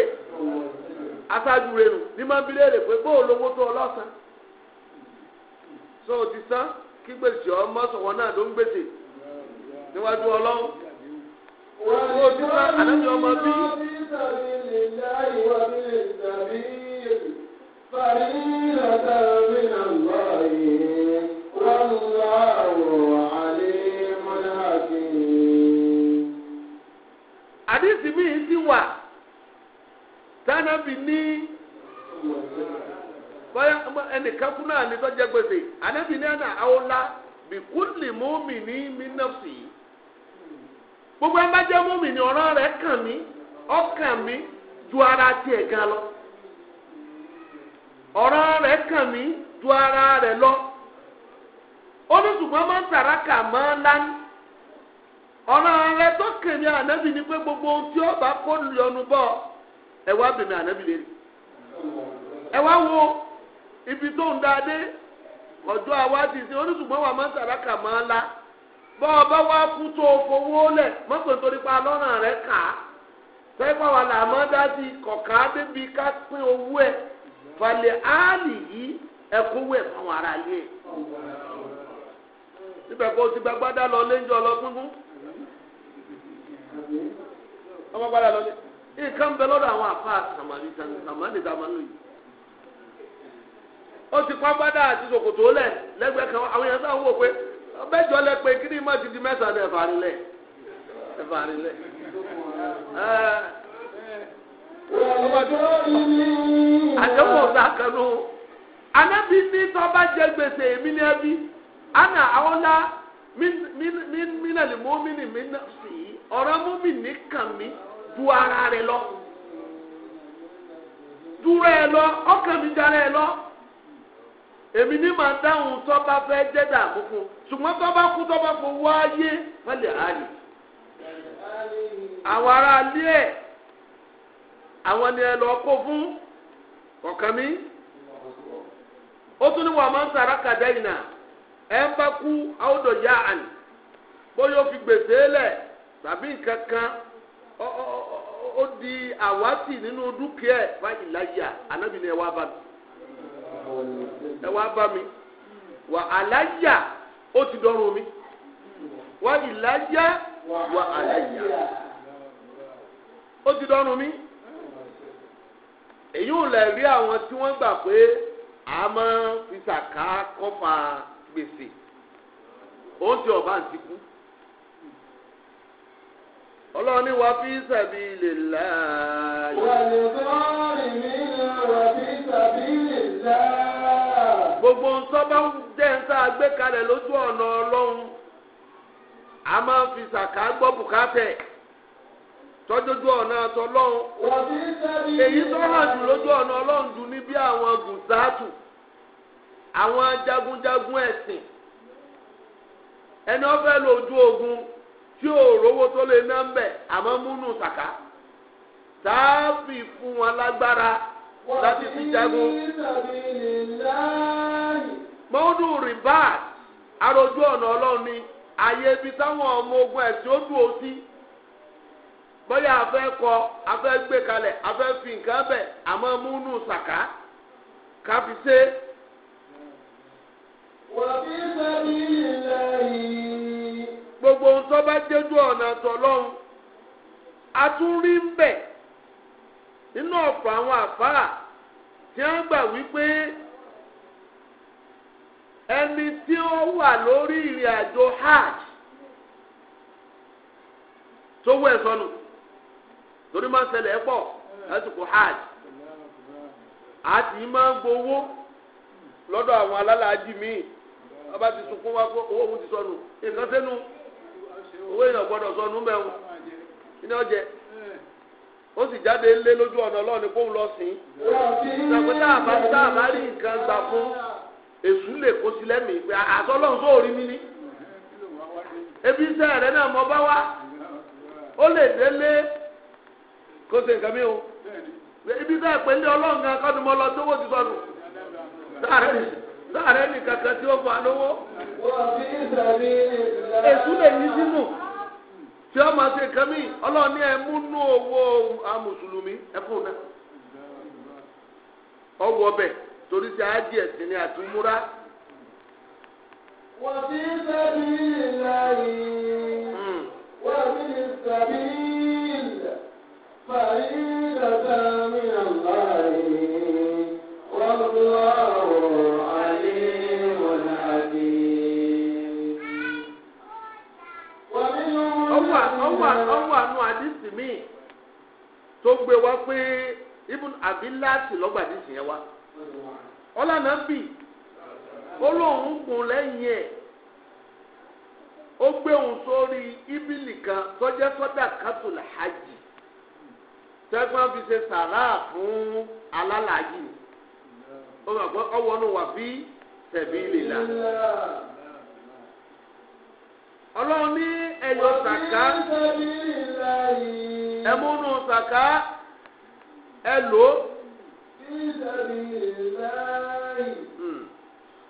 aṣáájú rẹ ní máa ń bilé rè pé bóò lówó tó ọlọ́sàn so san kí gbèsè ọmọ sọ̀wọ́n náà ló ń gbèsè níwájú ọlọ́run owó ojúmọ́ ànájọ ọmọ bí. àdìsí mi ti wà tánàbì ní bọ́yá ẹnìkan kú náà ní tọ́jà gbèsè ànábì ní àná àwòlá bìkúlì mú mi ní mí nọ́ọ̀sì yìí. gbogbo ẹ bá jẹ́ múmi ni ọ̀rọ̀ rẹ̀ kàn mí ọkàn mi ju ara tiẹ̀ gan lọ ọ̀rọ̀ rẹ̀ kàn mí ju ara rẹ̀ lọ oníṣùgbọ́n máa ń lánìí ọ̀rọ̀ tó kàn mí ni pé gbogbo ohun tí ó bá kó yọnu bọ̀ ẹ bèmí ànábì lè rí wo ibi tó ń dáadé ọjọ́ àwa ti bọ́ ọba wa kú tó fowó lẹ̀ mọ́pẹ́ nítorí pa lọ́ràn rẹ̀ kà á fẹ́ bá wa là mọ́ dájú kọ̀ọ̀ká débi ká pín owó ẹ̀ falẹ̀ áàlì yìí fáwọn ará níbẹ̀ kó o ti gbàgbádá lọ léńjọ lọ ọmọ gbàdá lọ lé nǹkan bẹ lọ́dọ̀ àwọn àfa yìí ó ti kọ́ gbádá àti mẹ́jọ lẹ pé kí ni má ti di mẹ́ta ní ẹ̀fà nílẹ̀ ẹ̀fà nílẹ̀. àdéhùn ọ̀sà kanú anábì ní tọ́ba jẹ gbèsè èmi ní ẹbí ana àwọlá mínàlì mọ́mìnì mínà sí ọ̀rọ̀ mọ́mìnì kàn mí du ara rẹ lọ ẹ lọ ọkàn mi dára ẹ lọ. èmi ní màá dáhùn tó fẹ́ jẹ́ dààmú fún ṣùgbọ́n tó kú tó bá ni ẹ lọ kó fún ọ̀kan mi ó tún ní wàá máa ń kàdé yìí náà ẹ ń bá kú àwòdò yá bóyá ó fi gbèsè lẹ̀ tàbí nǹkan kan ó di àwátì nínú dúkìá ẹ̀ láyà anábìnrin ẹ̀ ẹ wá bá mi wà aláyà ó ti dọrùn mi wà ìláyà wà aláyà ó ti dọrùn mi èyí ò lè rí àwọn tí wọ́n gbà pé àmọ́ ìsàká kọfà gbèsè oúnjẹ ọba ń ti kú ọlọ́ọ̀ni wà fi sabilillah. wà lè bá gbogbo ntọ́ bá ń jẹ́ ń sá gbé kalẹ̀ lójú ọ̀nà ọlọ́run a máa fi sàká gbọ́ bùkátẹ̀ tọ́jọ́jú ọ̀nà àtọ́lọ́run èyí tó hàn jù lójú ọ̀nà ọlọ́run dùn ní bí àwọn gùnsáàtù àwọn jagunjagun ẹ̀sìn ẹni ogun tí ò rówó tó lè ná ń bẹ̀ àmọ́ múnú fún wọn lágbára fi jagun. mọ́ọ́dún rìbá àròjú ọ̀nà ọlọ́run ni àyè ibi táwọn ọmọ ogun ẹ̀sìn ó dùn sí bóyá afẹ́ kọ afẹ́ gbé kalẹ̀ afẹ́ fi nǹkan bẹ̀ àmọ́ múnú sàká káfi ṣe. wàbí sábì lẹ́yìn. gbogbo ohun tó bá a tún rí ẹni tí ó wà lórí ìrìn àjò hajj tó wọ ẹ sọnù torí máa ń ṣẹlẹ̀ ẹ pọ̀ lásìkò hajj àti máa ń gbowó lọ́dọ̀ àwọn alálàájì míì ọba ti sunkún wá pé owó òun ti sọnù nǹkan sẹ́nu owó èèyàn gbọ́dọ̀ sọnù mẹ́wọ́n ní ọjẹ́ ó sì jáde lé lójú ọ̀nà ọlọ́ọ̀ni kó ń lọ èsù lè kó sí lẹ́mìí pé mi ní. ebi iṣẹ́ rẹ̀ náà mo bá wá ó lè délé kó nǹkan mi o ibi iṣẹ́ pé ní ọlọ́run kan mo lọ tówó ti sọnù sáàrẹ́ nìkan kan tí ó fà lówó. èsù lè yí sínú tí ọ máa se nǹkan mi ní ẹ owó àmùsùlùmí ẹ torí ti ájì ẹ̀sìn ni àtúmúrá. wọ́n ti ń sẹ́bi ìlànà wọ́n ti ń sẹ́bi ìlànà fàyí dàda mi àbáyé wọ́n lọ ayé wọn àdé. ọwọ́ àánú àdìsí mi tó gbé wá pé ibùn àbí láti lọ́gbàdìsí yẹn wá. ọla bì ó lóun gùn lẹ́yìn ẹ̀ ó gbé òun sórí ibìlì kan tọ́jẹ́ sọ́dà kátólà hajj tẹ́gbọ́n fi ṣe sàrà fún alálàájì ó mà wà bí tẹ̀bí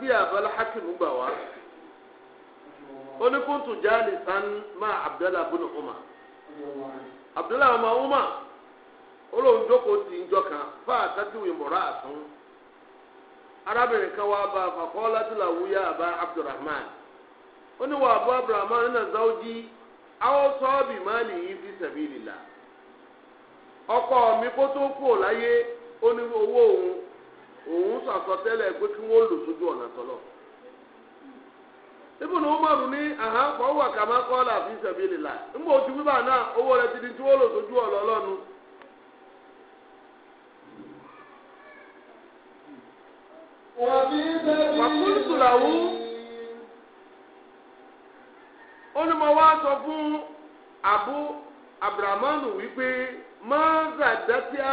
tí abala hakimu gbà wá oníkùntù jáde san máa abdallah bùnú umar abdallah ma umar olóhùn jókòó ti ń jọ kan fáà sátìwì àtún arábìnrin kan wá bá fàkọ́lá tó làwúyà àbá abdulrahman ó ní abdulrahman nínú zawji àwọn sọ́ọ̀bì máa nìyí fi ọkọ mi kó kú ò láyé owó òun. òun sàsọtẹ́lẹ̀ pé kí wọ́n lò sójú ọ̀nà tọ́lọ̀ ibùdó umaru ní àhán kan wà kàmá kọ́lá fi sabilillah nígbà ojú bíbà náà owó rẹ ti di tí wọ́n lò sójú ọ̀nà ọlọ́nu. wa sọ fún abu abdulhamanu wípé máa ń zàdápíà.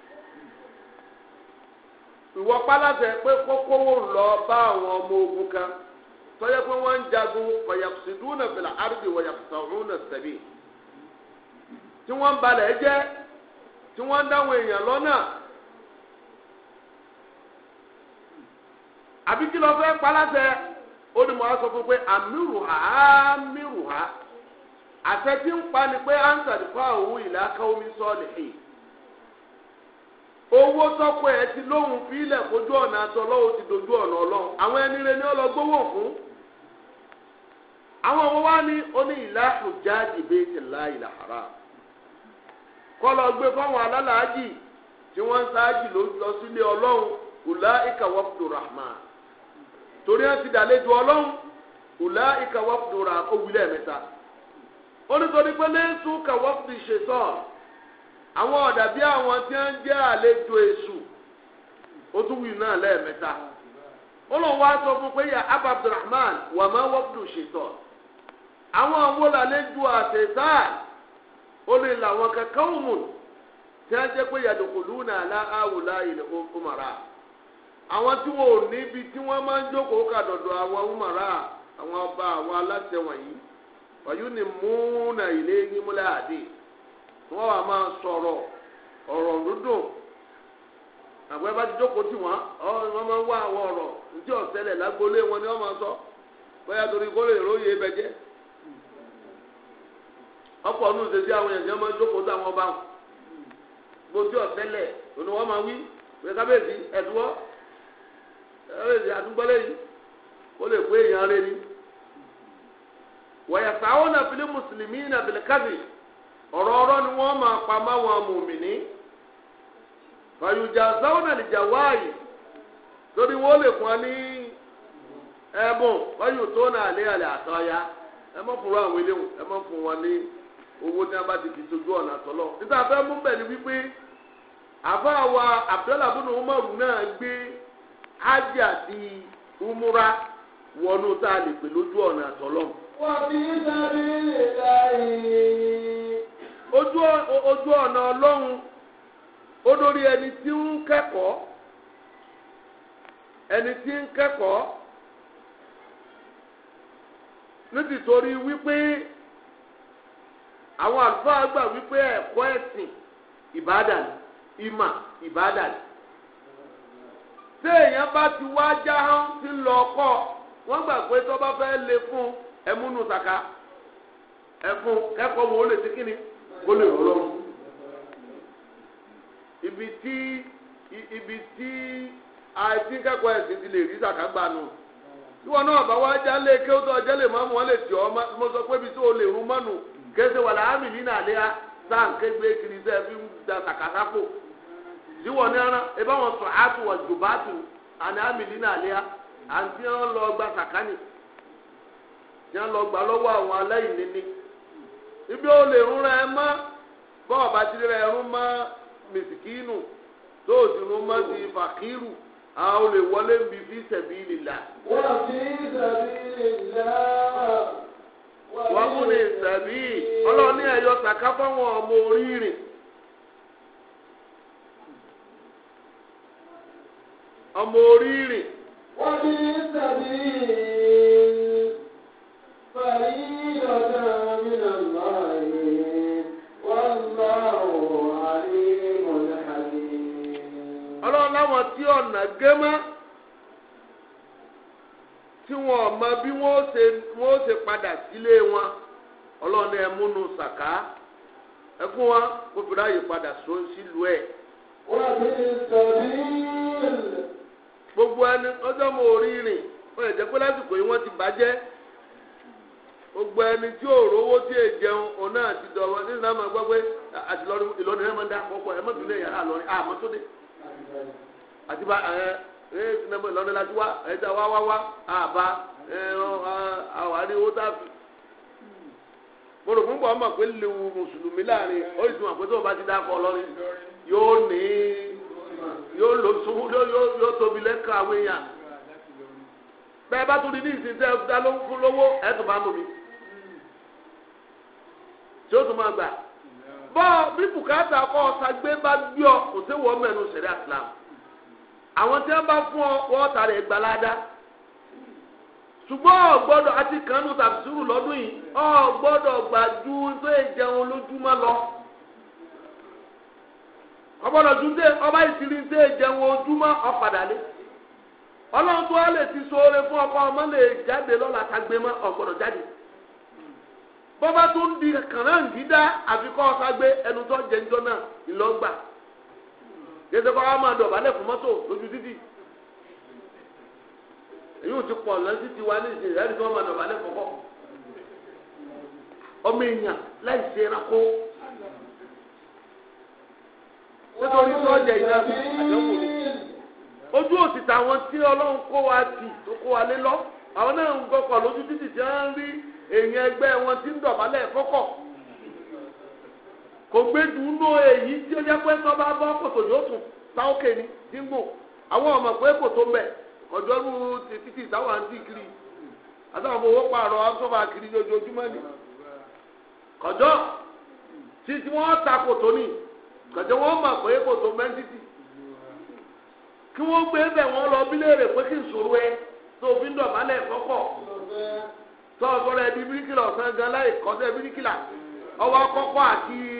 ìwọ pálásẹ̀ pé kókówó lọ bá àwọn ọmọ ogun kan tọ́jẹ́ pé wọ́n ń jagun fàyàfùsìdúnà fìlà àrùbí wàyàfùsàrúnà sẹ̀bí tí wọ́n ń balẹ̀ jẹ́ tí wọ́n ń dáwọn èèyàn lọ́nà àbí kí lọ fẹ́ pálásẹ̀ ó á sọ fún pé àmírù ha àmírù ha àṣẹ ń pa ni pé à ń sàdúkọ́ àwọn ìlà káwọn mi sọ́ọ̀lì hìn. owó tọkọ ẹ ti lóhùn fílẹ̀ kójú ọ̀nà ti dojú ọ̀nà ọlọ́run àwọn ẹni rẹ ni fún àwọn ọmọ wa ní oní ìlà bẹ́ẹ̀ tẹ̀ láì làhárà kọlọ gbé alálàájì tí wọ́n ń sáájì lọ sílé ọlọ́run ùlá torí wọn ti dàlejò ọlọ́run ùlá ìkàwọ́pùtò ra òwúlẹ̀ mẹ́ta lẹ́sùn àwọn ọ̀dàbí àwọn tí wọ́n àlejò èṣù ó tún náà lẹ́ẹ̀mẹ́ta ó sọ fún pé yà abba abdulrahman wà má wọ́pùlù ṣètò àwọn àwọn làlejò àtẹ̀tà ó làwọn kankan mú tí wọ́n jẹ́ pé yàdùkùlù náà láàwùlá ilẹ̀ umara àwọn tí wọn ò níbi tí wọ́n máa ń jókòó kàdọ̀dọ̀ àwọn àwọn ọba àwọn aláṣẹ wọ̀nyí wàyú ni múnà ilé múlẹ̀ àdé wọ́n wà máa sọ̀rọ̀ ọ̀rọ̀ àwọn ẹ bá ti jókòó tì wọ́n ọ máa ń wá àwọn ọrọ tí ọ̀sẹ̀lẹ̀ lágbolé wọn ni wọ́n máa sọ bóyá torí kó lè róye ibẹ̀ jẹ́ ọ̀pọ̀ ọdún ṣe sí àwọn èèyàn máa ń jókòó sí ọba wọn bó tí òní máa wí pé kábíyèsí kábíyèsí yìí ó lè kó èèyàn rẹ ni wọ̀yàtà àwọn mùsùlùmí ọ̀rọ̀ ọ̀rọ̀ ni wọ́n máa pa máwọn mùmìnì fàyùjà zauna lè jà torí wọ́n lè fún ní ẹ̀bùn fàyù tó náà lé àlẹ́ àtọ́yá ẹ mọ̀ fún wọn ní owó tí wọ́n ọ̀nà fẹ́ mú wípé àbá Umaru náà gbé di umura wọnú tá a lè pè lójú ọ̀nà sábẹ́ lè láyé. ojú ọ̀nà ọlọ́run. o dórí ẹni tí ń kẹ́kọ̀ọ́ ẹni tí ń kẹ́kọ̀ọ́ nítorí wípé àwọn àlùfáà gbà wípé ẹ̀kọ́ ẹ̀sìn ìbádàn ìmà ìbádàn bá ti wá jáhán ti lọ ọkọ wọ́n gbà pé tó bá fẹ́ lè fún ẹmúnú sàkà ẹfun kẹ́kọ̀ọ́ wọn ó lè ti kíni kó lè ibi tí ibi tí àìsí kẹ́kọ̀ọ́ ẹ̀sìn ti lè rí sàkágbà nù ìwọ náà bá wá jálè kí ó tọ́ jálè má mú wọn lè tì ọ́ mo sọ pé ibi tó o lè rún mọ́nu kése wàlá àmì nínú àlẹ́ à sáà ń ké gbé kiri sẹ́ẹ̀ fi ń da sàkàsápò ìwọ ní ara ẹbá wọn sọ àtù wọn jù bàtù àní àmìlí náà lẹ́yà àǹtí wọn lọ gba sàkánì tí wọn lọ gbà lọ́wọ́ àwọn aláìní ni ibi ó lè rún rẹ mọ́ bọ́ọ̀ bá ti rẹ rún mọ́ mẹsìkínù tó o sì rún mọ́sí fàkírù àwọn lè wọlé ń bi fi sabilillah. wọ́n fi sabilillah. wọ́n mú ní sẹ̀bí ọlọ́run ní ẹ̀yọ́ sàká fáwọn ọmọ orí ọmọ fi fàyí ọ̀dọ́. fáwọn tí ọ̀nà gémá tí wọn ò mọ bí wọn ó ṣe wọn ó ṣe padà sílé wọn ọlọ́run ẹ sàká wọn kó fi ráàyè padà sọ sílùú ẹ̀. wọ́n ti gbogbo ẹni ọjọ́ mo rí rìn wọ́n ẹ̀jẹ̀ pé lásìkò yìí wọ́n ti bàjẹ́ gbogbo ẹni tí ò rówó tí è jẹun òun náà ti nínú pé àti Ìlọrin àti bá ẹ ẹ sinimá lọ́dọ̀ la ti wá ẹ ti wá wá wá àbá ẹ àwọn àríwó tàbí. mo rò fún bọ́ ọmọ pé léwu mùsùlùmí láàrin ó sì mọ̀ pé tó o bá ti dákọ̀ ọlọ́rin yóò ní yóò lò sùnwó yóò tóbi lẹ́ka àwọn èèyàn bẹ́ẹ̀ bá tún di ní ìsìn tẹ́ ẹ dá lówó ẹ tún bá mú mi tí ó tún máa gbà bọ́ọ̀ bí bùkátà kọ́ ọ̀sà gbé bá gbé ọ kò sí mẹ́nu sẹ̀rí àtìlámù àwọn tí wọn bá fún ọ wọn tààrà ìgbàládá ṣùgbọ́n ọ gbọ́dọ̀ àti kánú tàbísírù lọ́dún yìí ọ gbọ́dọ̀ gbàjú tó ń jẹun lójúmọ́ lọ ọgbọ́dọ̀ tún dé ọba ìṣirí tó ń jẹun ojúmọ́ ọ̀padàlẹ́ ọlọ́run tó wá lè ti sóore fún ọkọ ọmọ lè jáde lọ́la tagbe mọ́ ọ̀gbọ́dọ̀ jáde bọ́bá tó ń di kànáà ń dídá àfikọ́ ọ̀tagbe ẹnu tó jẹ́ ń jọ náà ìlọ́gbà jẹ́sẹ̀ kọ́ máa dọ̀ balẹ̀ fún mọ́tò lójú títì èyí ò ti pọ̀ lọ́sí ti wá ní ìṣẹ̀lẹ̀ ẹ̀rí tí wọ́n máa dọ̀ balẹ̀ fọ́kọ́ ọmọ èèyàn láì ṣe nítorí sọ́jà ìlà ojú òsì táwọn tí ọlọ́run kó wa tì tó kó wa lé lọ àwọn náà ń gbọ́kọ̀ lójú títì tí wọ́n ń rí èèyàn ẹgbẹ́ wọn ti ń kò gbé dùnú èyí tí ó jẹ́ pé tó bá bọ́ kòtò yóò tún ta ni díngbò àwọn ọmọ pé kòtò mbẹ títí táwọn àǹtí owó pààrọ̀ kiri lójoojúmọ́ ni kọjọ́ ta kòtò ni kọjọ́ wọ́n mọ̀ pé kòtò kí wọ́n gbé bẹ̀ wọ́n lọ bílẹ̀ rẹ̀ pé kí n sòrò ẹ tó fi ń dọ̀bálẹ̀ kọ́kọ́ tó ọ̀sọ́rọ̀ ẹbí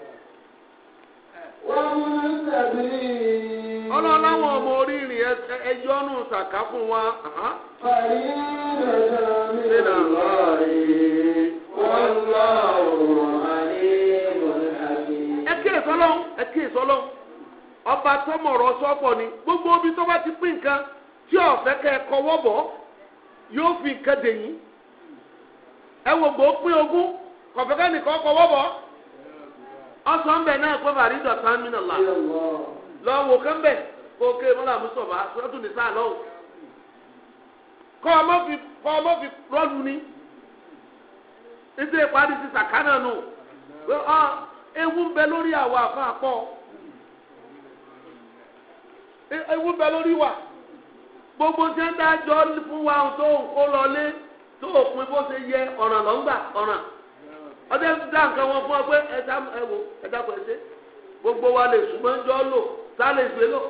ọlọ́láwọn ọmọ orírin ẹyọ ọ̀nù sàkà fún wa. Sínà lọ́ọ̀rì wọ́n lọ́ọ̀rùn àlébùn àbí. Ẹ ẹ Ọba tọmọ̀rọ̀ sọ́pọ̀ ni gbogbo omi tó bá ti pín nǹkan tí ọ̀fẹ́ kẹ́ yóò fi nǹkan dè yín. Ẹ pín ogún ọsọ mbẹ náà kó fàrí dọ̀tán mi nàlá lọ wò kán bẹ kó ké mùsọ̀bà sọ́tún ní sáà lọ́wọ́ kọ́ ọmọ fi kọ́ ọmọ fi rọ́ọ̀lù ni ọ ewu bẹ lórí àwọ e, ewu wa gbogbo tí ń dájọ́ fún wa tó ń kó lọlé tó òpin bó ṣe yẹ ọ̀ràn lọ́ngbà ọ̀ràn. ọdẹ dá nǹkan wọn fún ọ pé ẹdá ẹwò ẹdá pẹ ṣe gbogbo wa lè lò tá lè gbé lò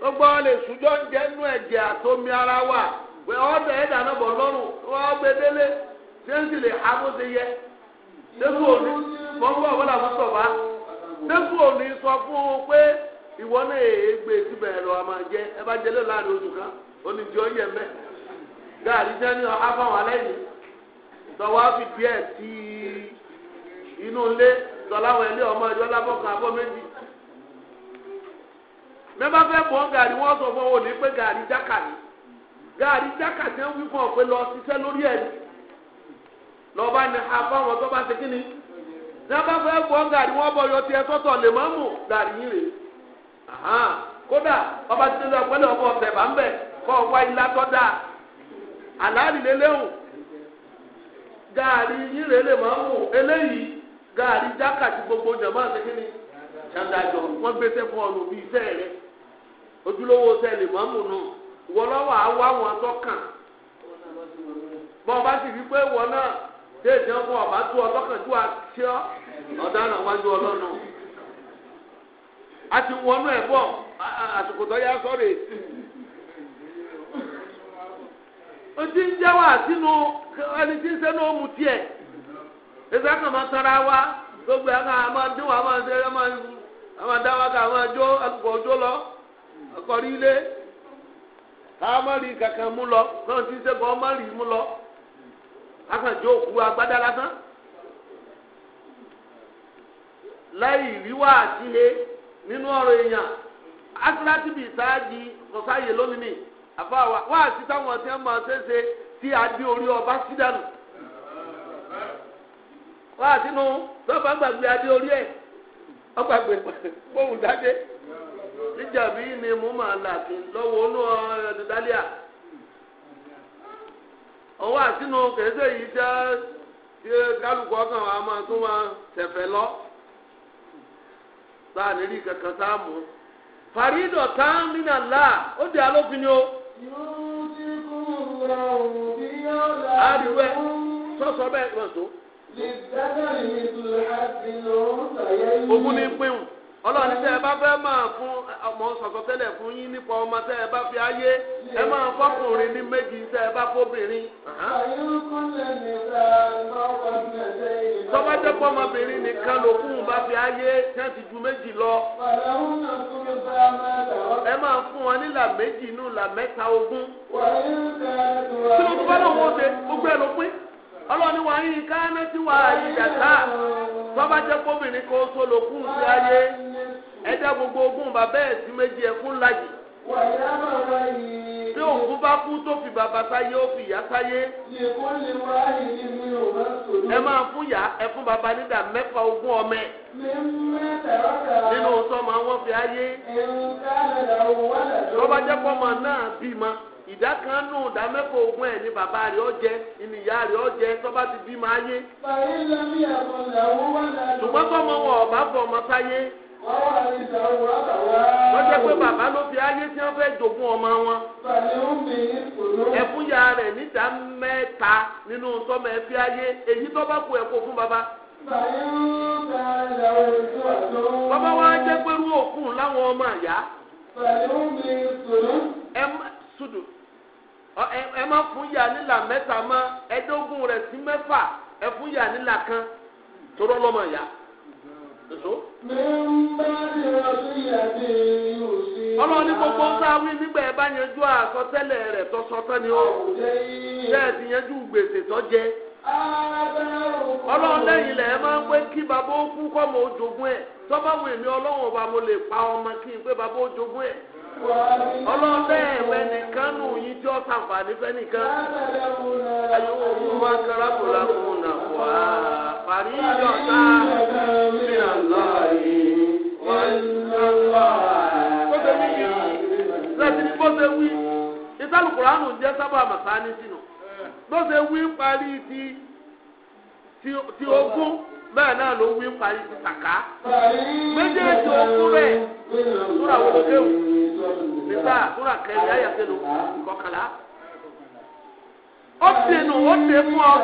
gbogbo wa lè nú ara wa pé ọdẹ ẹ̀dá náà bọ̀ lọ́rùn wọ́n gbé délé ṣé lè ha bó ṣe yẹ lẹ́kùn òní làwọn sọ̀ bá òní sọ fún un pé ìwọ náà síbẹ̀ jẹ ẹ bá jẹ lé láàrin tọwọ́ fi díẹ̀ sí inú ilé tọ́láwọ̀ ilé ọmọ ìjọ lábọ́kọ̀ abọ́ méjì. mẹ́fà fẹ́ bọ́ gàrí wọ́n sọ fún òní pé gàrí jákà ni gàrí jákà ti ń wí fún ọ pé lọ ṣiṣẹ́ lórí ẹ̀ ni lọ́ba ni a fáwọn tó bá ṣe kí ni mẹ́fà fẹ́ bọ́ gàrí wọ́n bọ̀ yọ tiẹ̀ sọ́tọ̀ lè má mú gàrí yín rè kódà ọba ti dé lọ pẹ́lú ọ̀sẹ̀ bá ń bẹ̀ kọ́ ọ wá tọ́ dáa àlàálì lélẹ́hùn gaari yírele máa mú eleyi gaari ti gbogbo jàmbá àtẹkẹ́ni wọn gbèsè fún ọ lòbí iṣẹ́ rẹ ojúlówó sẹ́ẹ̀lì máa mú nù wọlọ́wọ́ àwa wọn tọ́kàn bọ́n bá sì pé wọn náà déèdé ọkọ̀ ọba tó ọ tó wájú ọlọ́nà a ti wọnú ẹ̀ bọ̀ àsìkò tó yá ojú ń jẹ́ wá sínú ẹni ndị nse n'ụmụ òmù tiẹ̀ ẹ̀sẹ̀ ma tara wa gbogbo ẹ̀ kan máa dín wa máa ṣe máa dá wa ka máa jó àgbọ̀ òjò lọ akọrọ ile ka máa rí kaka mú lọ káwọn tí ka sẹ́gun ọmọ rí mú lọ akànjọ òkú agbadala láì ríwá àti he nínú ọ̀rọ̀ èèyàn asíláàtì sáájì lónìí àfa wa wá àti táwọn ọtí ma máa ṣẹṣe tí di orí ọba sí wá àti sọfà gbàgbé adé orí ẹ ọgbàgbé gbóhùn dáadé ni mo máa là kí wo olú ọ̀dọ̀dálíà ọwọ́ àti nu kẹsẹ̀ yìí jẹ́ tí kálukú ọkàn wa máa tún lọ sáà kankan sáà mú faridọ̀ tán nínà là ó di alófin ni àdìwẹ́ sọ́sọ́ bẹ́ẹ̀ gbọ́n tó. ogun ní pẹ́wọ̀n ọlọ́run tẹ́ ẹ bá fẹ́ máa fún ọmọ sọ̀tọ̀tẹ́lẹ̀ fún yín nípa ọmọ tẹ́ ẹ bá fi ayé ẹ máa fọkùnrin ní méjì tẹ́ ẹ bá fóbìnrin. tọ́bátẹ́ pọ́mọbìnrin nìkan lòkùn bá fi ayé tẹ́ ti ju méjì lọ. ẹ máa fún wọn nílà méjì nù là mẹ́ta ogún. kí ló tó bá lọ́wọ́ ṣe gbogbo ẹ̀ ló pín ọlọ́ni wa yín ká náà ti wà ìjàta tọ́bátẹ́ pọ́mìnrin kan ó tó lòkùn sí ayé. ẹ dá gbogbo ogún bàbá ẹ̀ sí méjì ẹ fún lájì. wàyà bàbá yìí. bí òkú bá kú tó fi bàbá sáyé ó fi ìyá sáyé. lè lè wá ìdí mi ò bá sòrò. ẹ máa fún yà ẹ fún bàbá nídà mẹ́fà ogún ọmọ ẹ̀. mi mẹ́ta ọ̀tà. nínú sọ́mọ wọn fi ayé. ẹ̀ka lẹ́la òun wà lẹ́la. lọ́ba jẹ́ pọ́mọ náà bímọ ìdá kan nù ìdá mẹ́fà ogún ẹ̀ bàbá rẹ̀ ọ jẹ ìyá rẹ̀ ọ jẹ tọ́ba ti bí yé. wà wọ́n jẹ́ pé bàbá ló fi ayé tí wọ́n fẹ́ jogún ọmọ wọn. ẹ̀fúnya rẹ̀ níta mẹ́ta nínú sọ́mọ ẹ̀fí ayé èyí tó bá kú ẹ̀kọ́ fún bàbá. bàbá wa jẹ́ pé irú òkun láwọn ọmọ àyà. ẹ má sùdù ẹ má fún yà nílà mẹ́ta mọ́ ẹ̀ẹ́dógún rẹ̀ sí mẹ́fà ẹ̀fúnya nílà kan tó rọ́ lọ́mọ àyà ọlọ́run ní gbogbo sáwí nígbà ẹ bá yanjú àkọsẹ́lẹ̀ rẹ̀ tọ́sọ́tọ́ ni ó bẹ́ẹ̀ ti yanjú gbèsè tó jẹ. ọlọ́run lẹ́yìn lẹ̀ ẹ máa ń pé kí bàbá ó kú kọ́ mọ́ ojogún ẹ̀ tọ́ bá wù mí ọlọ́run ọba mo lè pa ọmọ kí n pé bàbá ó ẹ̀. ọlọ́bẹ̀ ẹ̀wẹ̀ nìkan nù yín tí ó sàǹfààní fẹ́ nìkan. ẹ̀yin òkú wa kára kò lákòó nà kó a parí ìjọta mi à náà yìí wọ́n ń lọ. ó ṣe ní kí ní bó ṣe wí jẹ́ ti ogún. bẹ́ẹ̀ náà ló wí parí ti sàká méjèèjì okú rẹ̀ súra wo kéwù nígbà súra kẹrin ayàtẹnu kọkànlá ó tẹnu ó tẹ fún ọ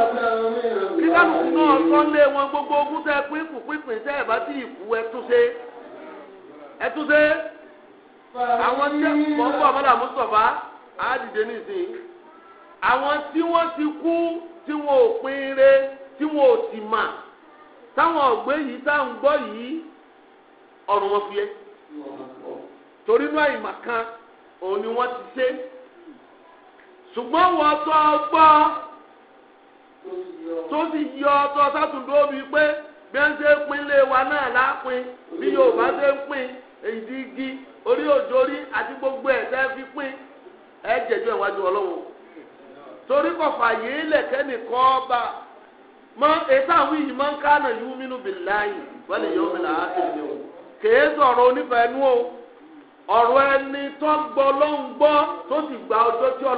kí kálukú náà sọ́lé wọn gbogbo ogún tẹ pínkù pínpín tẹ ẹ bá tí ì kú ẹ àwọn tí wọn ọmọdé àmúṣọfà á dìde nísìnyí àwọn tí wọn ti kú tí wọn ò pín in re tí wọn ò sì mà. táwọn ọ̀gbẹ́ yìí tá à ń gbọ́ yìí ọ̀rùn wọn fi yẹ torí náà ìmọ̀ kan òun ni wọ́n ti ṣe ṣùgbọ́n wọ́n tọ́ gbọ́ tó sì yí ọtọ́ sátúndó bíi pé bí wọ́n ṣe ilé wa náà lápin bí Yorùbá ṣe ń èyí igi orí àti gbogbo ẹ̀ fi pin ẹ̀ jẹ̀jọ́ ìwájú torí kọ̀fà yìí lẹ̀kẹ́ nìkan ma ètò àwọn yìí máa ń ká minu yìí mímú bìláyì wọ́n lè yọ o o ẹni tó gbọ́ ló ọrụ tó gba tí di là ń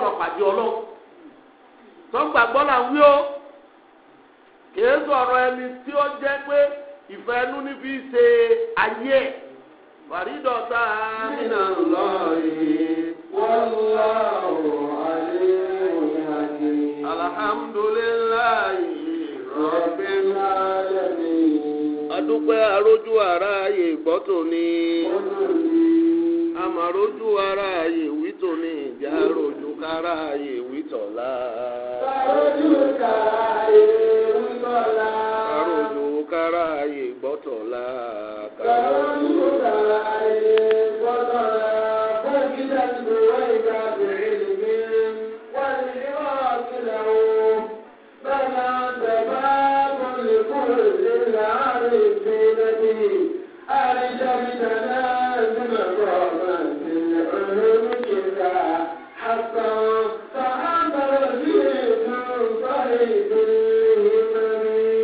wí o ẹni tí ó jẹ́ pé ìfẹ́nu níbi ṣe ayé ẹ̀ fàrídọ̀tà nínà alhamdulilayi. adúpẹ́ arójú aráyè gbọ́ tòní amarójú aráyè wí tòní ìjà rojú káráyè wí tọ̀la. arójú káráyè wí tọ̀la. arójú káráyè gbọ́ tọ̀la. arójú gbọ́ حتى